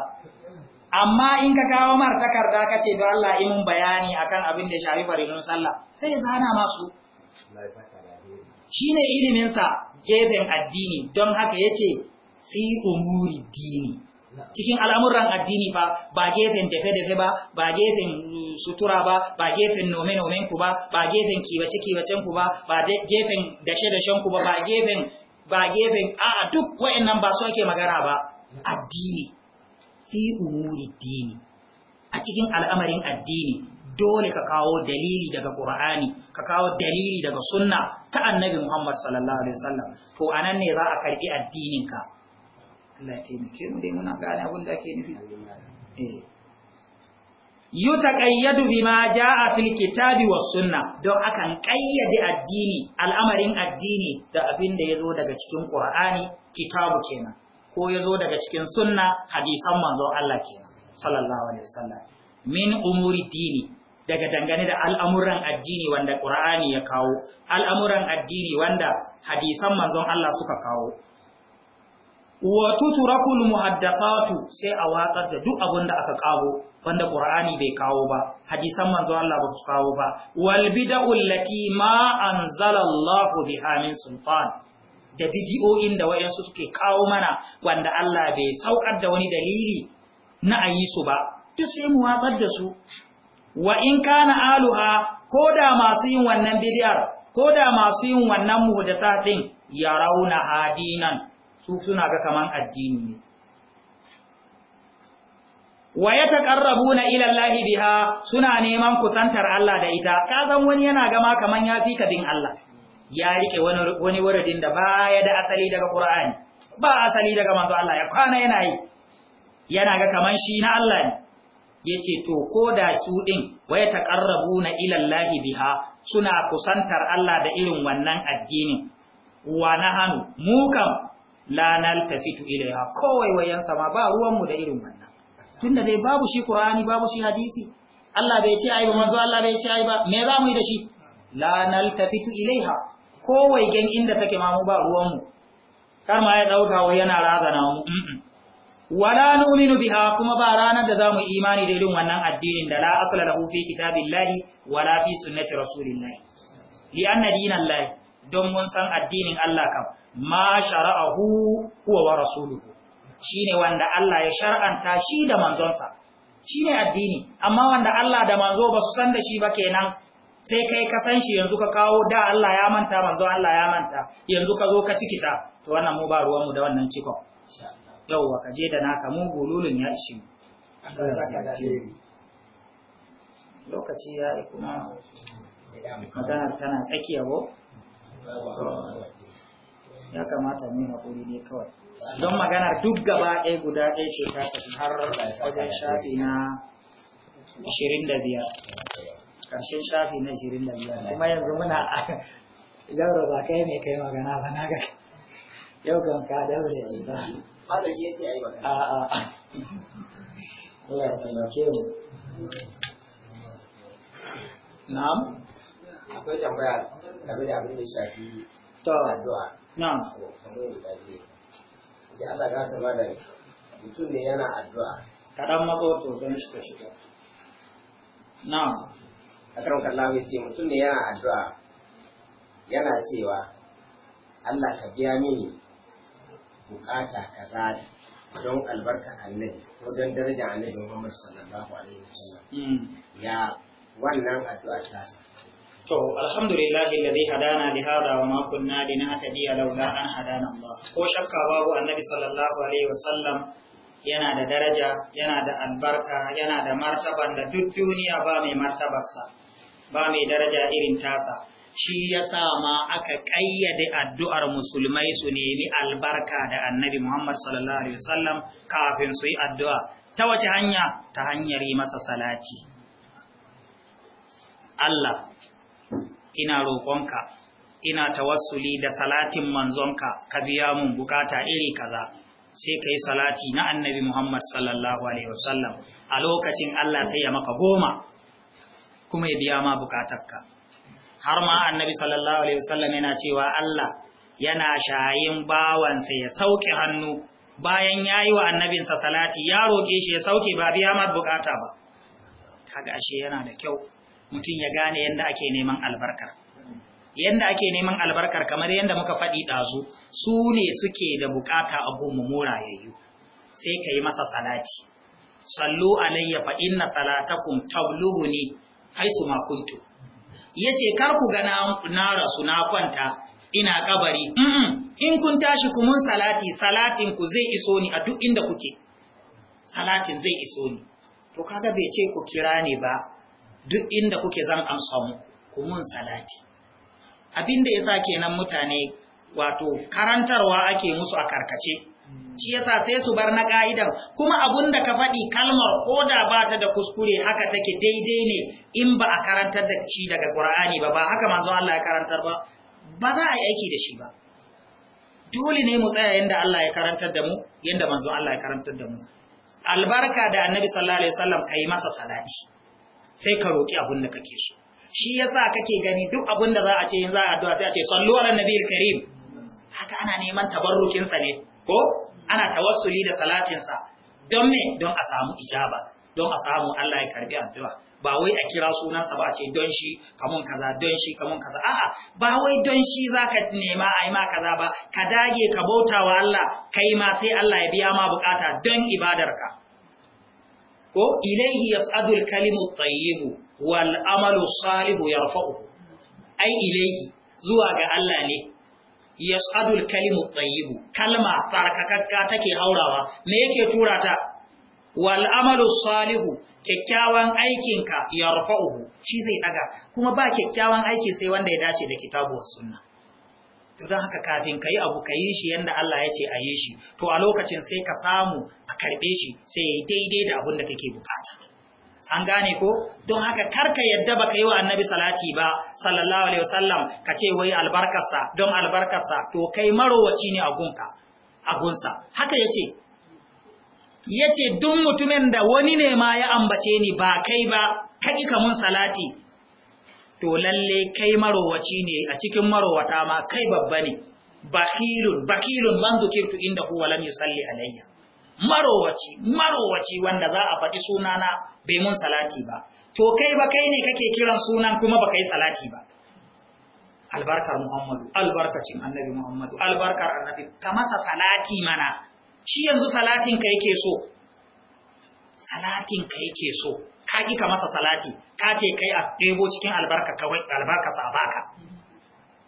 amma in ka kawo mar takarda ka ce don Allah imin bayani akan abin da shafi farilun sallah sai ya zana masu shine iliminsa gefen addini don haka yace fi umuri dini cikin al'amuran addini ba, ba gefen dafe-dafe ba ba gefen mm, sutura ba ba gefen nome-nomen ku ba ba gefen kibace-kibacen ba ba gefen dashe-dashen ba ba gefen ba gefen a duk nan ba su ake magana ba addini fi umuri dini a cikin al'amarin addini dole ka kawo dalili daga Ƙur'ani, ka kawo dalili daga sunna ta annabi Muhammad sallallahu alaihi wasallam to anan ne za a karɓi addininka Allah ya taimake mu dai muna gane abin da ake nufi eh yutaqayyadu bima jaa fil kitabi was sunna don akan kayyade addini al'amarin addini da abin da yazo daga cikin qur'ani kitabu kenan ko yazo daga cikin sunna hadisan manzo Allah kenan sallallahu alaihi wasallam min umuri dini daga dangane da al'amuran addini wanda qur'ani ya kawo al'amuran addini wanda hadisan manzon Allah suka kawo wa tutrakul muhaddathatu sai a watsar da duk abin da aka kawo wanda qur'ani bai kawo ba hadisan manzo Allah ba su kawo ba wal bid'u allati ma anzala Allah biha min sultan da bidiyoyin da wayansu suke kawo mana wanda Allah bai saukar da wani dalili na ayi su ba duk sai mu watsar da su wa in kana aluha koda masu yin wannan bid'ar koda masu yin wannan ya yarawna hadinan su suna ga kaman addini ne wa ya na ila Allah biha suna neman kusantar Allah da ita ka san wani yana gama kaman ya fi bin Allah ya rike wani wani wuridin da baya da asali daga Qur'ani ba asali daga manzo Allah ya kwana yana yi yana ga kaman shi na Allah ne yace to ko da su din wa ya na ila biha suna kusantar Allah da irin wannan addinin wa nahanu mu kam la naltafitu ilaiha kowai wayan sama ba ruwanmu da irin wannan tunda dai babu shi qur'ani babu shi hadisi Allah bai ce ai ba manzo Allah bai ce ai ba me za mu yi da shi la naltafitu ilaiha kowai gen inda take ma mu ba ruwanmu kar ma ya dauka wai yana razana mu wala nu'minu biha kuma ba ranar da zamu imani da irin wannan addinin da la asla lahu fi kitabillahi wala fi sunnati rasulillahi li anna dinallahi don mun san addinin Allah kam ma shara'ahu huwa wa rasuluhu shine wanda Allah ya shar'anta shi da manzonsa shine addini amma wanda Allah da manzo ba su san da shi ba kenan sai kai ka san shi yanzu ka kawo da Allah ya manta manzo Allah ya manta yanzu ka zo ka cikita to wannan mu ba ruwan mu da wannan cikon yauwa ka je da naka mu gululun ya ishi lokaci ya yi kuma magana tana tsakiya ko ya kamata mu haƙuri ne kawai don maganar duk gaba ɗaya guda ɗaya ce ta tafi har wajen shafi na 25 ƙarshen shafi na 25 kuma yanzu muna zaura ba kai ne kai magana ba na ga yau kan ka daure yanzu ba da shi yake yi magana a'a Allah ya taimake mu na'am akwai tambaya game da abin da shafi ta na'am ya mutum ne yana addu'a kaɗan don ce mutum ne yana addu'a yana cewa Allah ka biya mini bukata kaza don albarka annabi ko don daraja annabi Muhammad sallallahu alaihi wasallam hmm. ya wannan addu'a ta To, alhamdulillahi lalzi hadana da hada wa na li na hadiya laula an hadana Allah. Ko shakka babu annabi sallallahu Alaihi wasallam yana da daraja, yana da albarka, yana da martaba da duk duniya ba mai martabarsa, ba mai daraja irin tasa. Shi ya sa ma aka ƙayyade addu'ar musulmai su nemi albarka da annabi Muhammad sallallahu Alaihi wasallam kafin su yi addu'a. Ta wace hanya? Ta hanyar yi masa salati. Allah ina roƙonka ina tawassuli da salatin manzonka ka biya mun bukata iri kaza sai ka yi salati na annabi Muhammad sallallahu alaihi wasallam a lokacin Allah sai ya maka goma kuma ya biya ma bukatarka har ma annabi sallallahu alaihi wasallam yana cewa Allah yana shayin bawansa ya sauke hannu bayan yayi wa annabinsa salati ya roke shi ya sauke ba biya ma bukata ba kaga ashe yana da kyau mutum ya gane yadda ake neman albarkar yadda ake neman albarkar kamar yadda muka faɗi ɗazu su ne suke da bukata a gun murayayyu sai ka yi masa salati sallu alayya fa inna salatakum tablughuni haisu ma kuntu yace kar ku ga na rasu na kwanta ina kabari in kun tashi ku salati salatin ku zai iso ni a duk inda kuke salatin zai iso ni to kaga bai ce ku kira ni ba duk inda kuke zan amsa mu ku mun salati da yasa kenan mutane wato karantarwa ake musu a karkace shi yasa sai su bar na ka'idan kuma abunda ka faɗi kalmar koda ba ta da kuskure haka take daidai ne in ba a karantar da shi daga Qur'ani ba ba haka manzo Allah ya karantar ba ba za a yi aiki da shi ba dole ne mu tsaya yanda Allah ya karantar da mu yanda manzo Allah ya karantar da mu albarka da annabi sallallahu alaihi wasallam kai masa salati sai ka roƙi abin da kake so shi yasa kake gani duk abin da za a ce in za a addu'a sai a ce sallu ala nabiyil karim haka ana neman tabarrukin sa ne ko ana tawassuli da salatin sa don me don a samu ijaba don a samu Allah ya karbi addu'a ba wai a kira sunansa ba a ce don shi kamun kaza don shi kamun kaza a'a ba wai don shi zaka nema ai ma kaza ba ka dage ka bautawa Allah kai ma sai Allah ya biya ma bukata don ibadar ka ko ilaihi yas'adu al-kalimu wal amalu salihu yarfa'u ai ilaihi zuwa ga Allah ne yas'adu al-kalimu kalma tsarkakakka take haurawa me yake tura ta wal amalu salihu kyakkyawan aikinka yarfa'u shi zai daga kuma ba kyakkyawan aiki sai wanda ya dace da kitabu was sunna to don haka kafin ka yi abu ka yi shi yadda Allah ya ce a yi shi to a lokacin sai ka samu a karɓe shi sai ya yi daidai da abin da kake bukata an gane ko don haka karka yadda ba ka yi wa annabi salati ba sallallahu alaihi wasallam ka ce wai albarkarsa don albarkarsa to kai marowaci ne a gunsa haka ya ce ya ce duk mutumin da wani ne ma ya ambace ni ba kai ba ka ƙi mun salati to lalle kai marowaci ne a cikin marowata ma kai babba ne bakilun bakilun man dukirtu inda huwa lam yusalli alayya marowaci marowaci wanda za a faɗi sunana bai mun salati ba to kai ba kai ne kake kiran sunan kuma baka yi salati ba albarkar muhammadu albarkacin annabi muhammadu albarkar annabi ka masa salati mana shi yanzu salatin ka yake so salatin ka yake so ka ki ka masa salati ka ce kai a ɗebo cikin albarka kawai albarka sa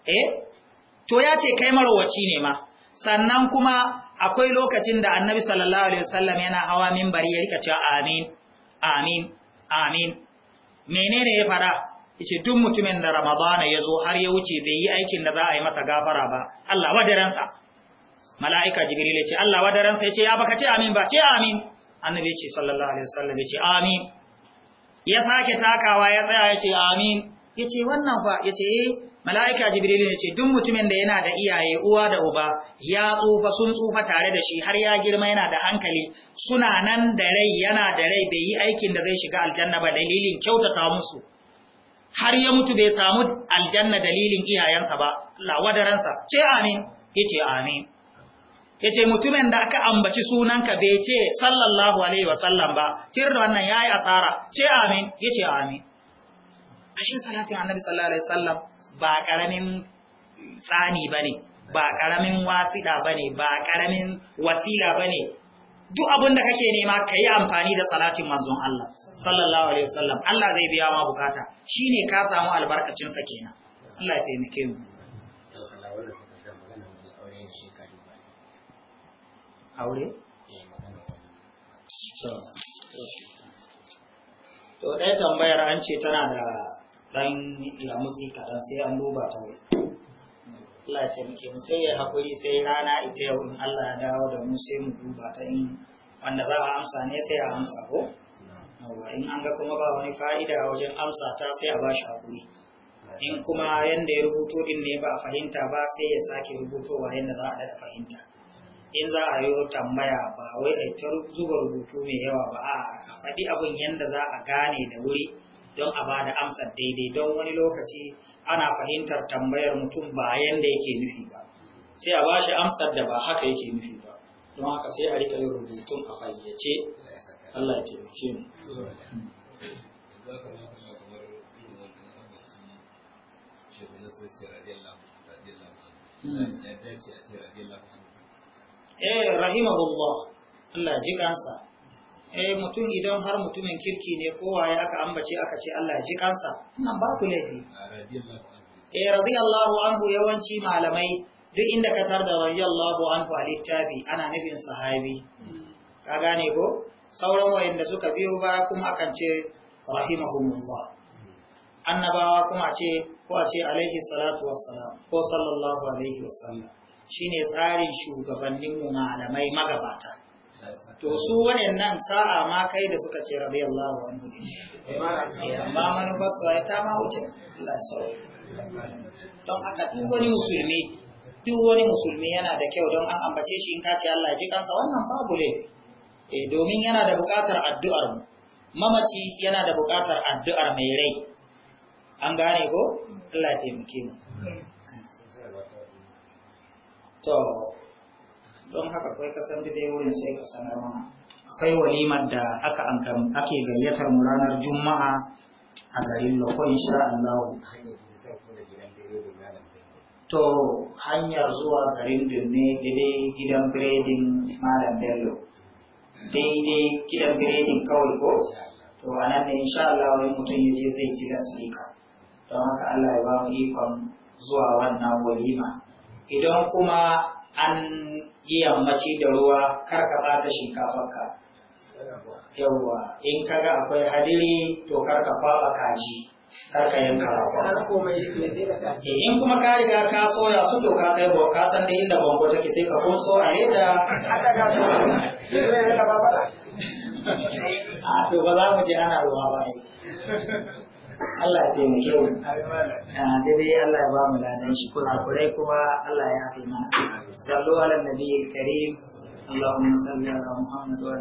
eh to ya ce kai marowaci ne ma sannan kuma akwai lokacin da annabi sallallahu alaihi wasallam yana hawa minbari ya rika cewa amin amin amin menene ya fara? yace duk mutumin da ramadana ya zo har ya wuce bai yi aikin da za a yi masa gafara ba Allah wadaransa mala'ika jibril ya ce Allah wadaransa ya ce ya baka ce amin ba ce amin annabi ce sallallahu alaihi wasallam ya ce amin ya sake takawa ya tsaya ya ce amin ya ce wannan fa ya ce eh mala'ika jibril ya ce duk mutumin da yana da iyaye uwa da uba ya tsufa sun tsufa tare da shi har ya girma yana da hankali suna nan da rai yana da rai bai yi aikin da zai shiga aljanna ba dalilin kyautata musu har ya mutu bai samu aljanna dalilin iyayensa ba lawadaransa ce amin ya ce amin yace mutumin da aka ambaci sunanka bai ce sallallahu alaihi wa sallam ba cir da wannan ya yi asara ce amin yace amin ashe salatin annabi sallallahu alaihi wa sallam ba karamin tsani ne, ba karamin ba ne, ba karamin wasila ba ne, duk abin da kake nema yi amfani da salatin manzon Allah sallallahu alaihi wa sallam Allah zai biya ma bukata shine ka samu albarkacin sa kenan Allah ya taimake mu aure? to ɗaya tambayar an ce tana da ɗan yamutsi kaɗan sai an duba ta wai Allah ya taimake mu sai ya haƙuri sai rana ita yau in Allah ya dawo da mu sai mu duba ta in wanda za a amsa ne sai a amsa ko in an ga kuma ba wani fa'ida wajen amsa ta sai a ba shi haƙuri in kuma yanda ya rubuto din ne ba a fahimta ba sai ya sake rubutowa yanda za a daɗa fahimta in za a yi tambaya ba wai a ta zuba rubutu mai yawa ba a faɗi abin yadda za a gane da wuri don a bada amsar daidai don wani lokaci ana fahimtar tambayar mutum ba yadda yake nufi ba sai a bashi amsar da ba haka yake nufi ba don haka sai a rika yin rubutun a fayyace Allah ya taimake mu hmm. ya dace a ce radiyallahu eh rahimahullah Allah ji kansa eh mutum idan har mutumin kirki ne kowa ya aka ambace aka ce Allah ji kansa nan ba ku laifi eh radiyallahu anhu yawanci malamai duk inda ka tarda radiyallahu anhu a littafi ana nufin sahabi ka gane ko sauran wayanda suka biyo ba kuma akan ce rahimahumullah annabawa kuma ce ko a ce alaihi salatu wassalam ko sallallahu alaihi wasallam shine tsarin shugabanninmu malamai magabata to su waɗannan sa'a ma kai da suka ce rabi Allah wa anhu eh, amma manufar su ta ma wuce Allah ya sauya don aka duk wani musulmi duk wani musulmi yana da kyau don an ambace shi in kace Allah ji kansa wannan babu le eh domin yana da buƙatar addu'ar mu mamaci yana da buƙatar addu'ar mai rai an gane ko Allah ya taimake mu to don haka kai ka san dai wurin sai ka sanar mana akwai walimar da aka ake gayyatar mu ranar juma'a a garin loko insha Allah to hanyar zuwa garin birni daidai gidan biredin malam bello daidai gidan biredin kawai ko to a nan ne insha Allah wai mutum yaje zai ci gaskiya. don haka Allah ya ba mu ikon zuwa wannan walimar. idan kuma an yi yammaci da ruwa kar ka shinkafa shinkafarka yawwa in kaga akwai hadiri to kar ka kwaɓa kaji kar ka yanka rawa eh, in kuma ka riga ka soya su to ka kai ba ka san da inda bango take sai ka so a leda a ah, to ba za mu je ana ruwa ba Allah ya taimake mu. Dai Allah ya ba mu ladan kuma Allah ya fi mana. Sallu ala Nabi Karim. Allahumma salli ala Muhammad wa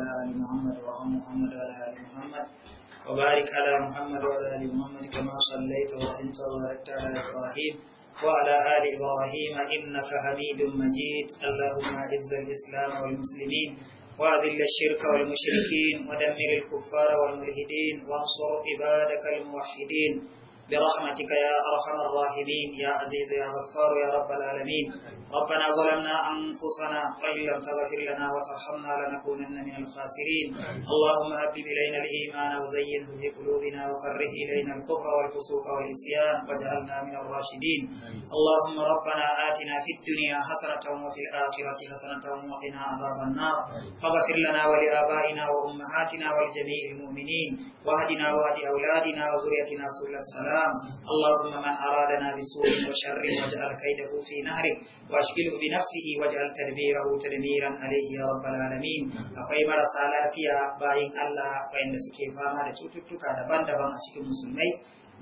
ala ali وأذل الشرك والمشركين ودمر الكفار والملحدين وانصر عبادك الموحدين برحمتك يا أرحم الراحمين يا عزيز يا غفار يا رب العالمين ربنا ظلمنا أنفسنا وإن لم تغفر لنا وترحمنا لنكونن من الخاسرين اللهم هبب إلينا الإيمان وزينه في قلوبنا وكره إلينا الكفر والفسوق والعصيان واجعلنا من الراشدين اللهم ربنا آتنا في الدنيا حسنة وفي الآخرة حسنة وقنا عذاب النار فاغفر لنا ولآبائنا وأمهاتنا ولجميع المؤمنين واهدنا واهد أولادنا وذريتنا سبل السلام اللهم من أرادنا بسوء وشر واجعل كيده في نهره واشغله بنفسه واجعل تدبيره تدميرا عليه يا رب العالمين akwai marasa lafiya bayin Allah da suke fama da cututtuka daban-daban a cikin musulmai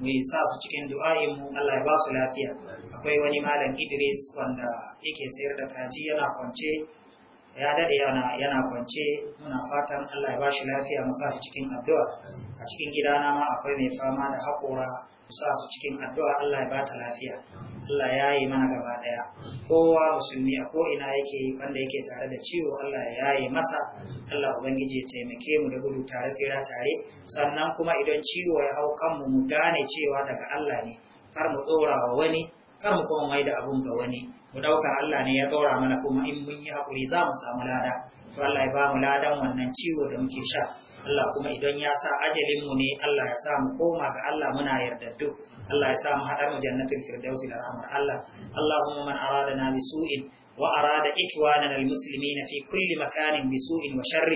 mu yi sa su cikin du'a'in mu Allah ya ba su lafiya akwai wani malam Idris wanda yake sayar da kaji yana kwance ya dade yana yana kwance muna fatan Allah ya bashi lafiya mu sa shi cikin addu'a a cikin gidana ma akwai mai fama da haƙora mu sa su cikin addu'a Allah ya bata lafiya Allah ya yi mana gaba daya kowa musulmi a ko ina yake wanda yake tare da ciwo Allah ya yi masa Allah ubangiji ya taimake mu da gudu tare tsira tare sannan kuma idan ciwo ya hau kanmu mu gane cewa daga Allah ne kar mu dora wa wani kar mu kuma mai da abun ga wani mu ɗauka Allah ne ya ɗora mana kuma in mun yi haƙuri za mu samu lada to Allah ya ba mu ladan wannan ciwo da muke sha Allah kuma idan ya sa ajalinmu ne Allah ya sa mu koma ga Allah muna yardaddu Allah ya sa mu haɗa mu jannatin firdausi da rahmar Allah Allahumma man aradana bi su'in وأراد إكواننا المسلمين في كل مكان بسوء وشر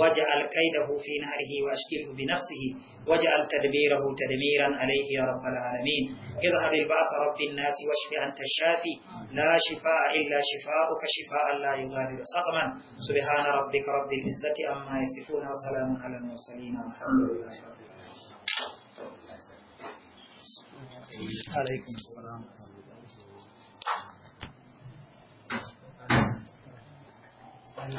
وجعل كيده في نهره وأشكله بنفسه وجعل تدبيره تدميرا عليه يا رب العالمين اذهب البعث رب الناس واشف أنت الشافي لا شفاء إلا شفاءك شفاء لا يغادر سقما سبحان ربك رب العزة عما يصفون وسلام على المرسلين والحمد لله رب العالمين عليكم السلام 嗯。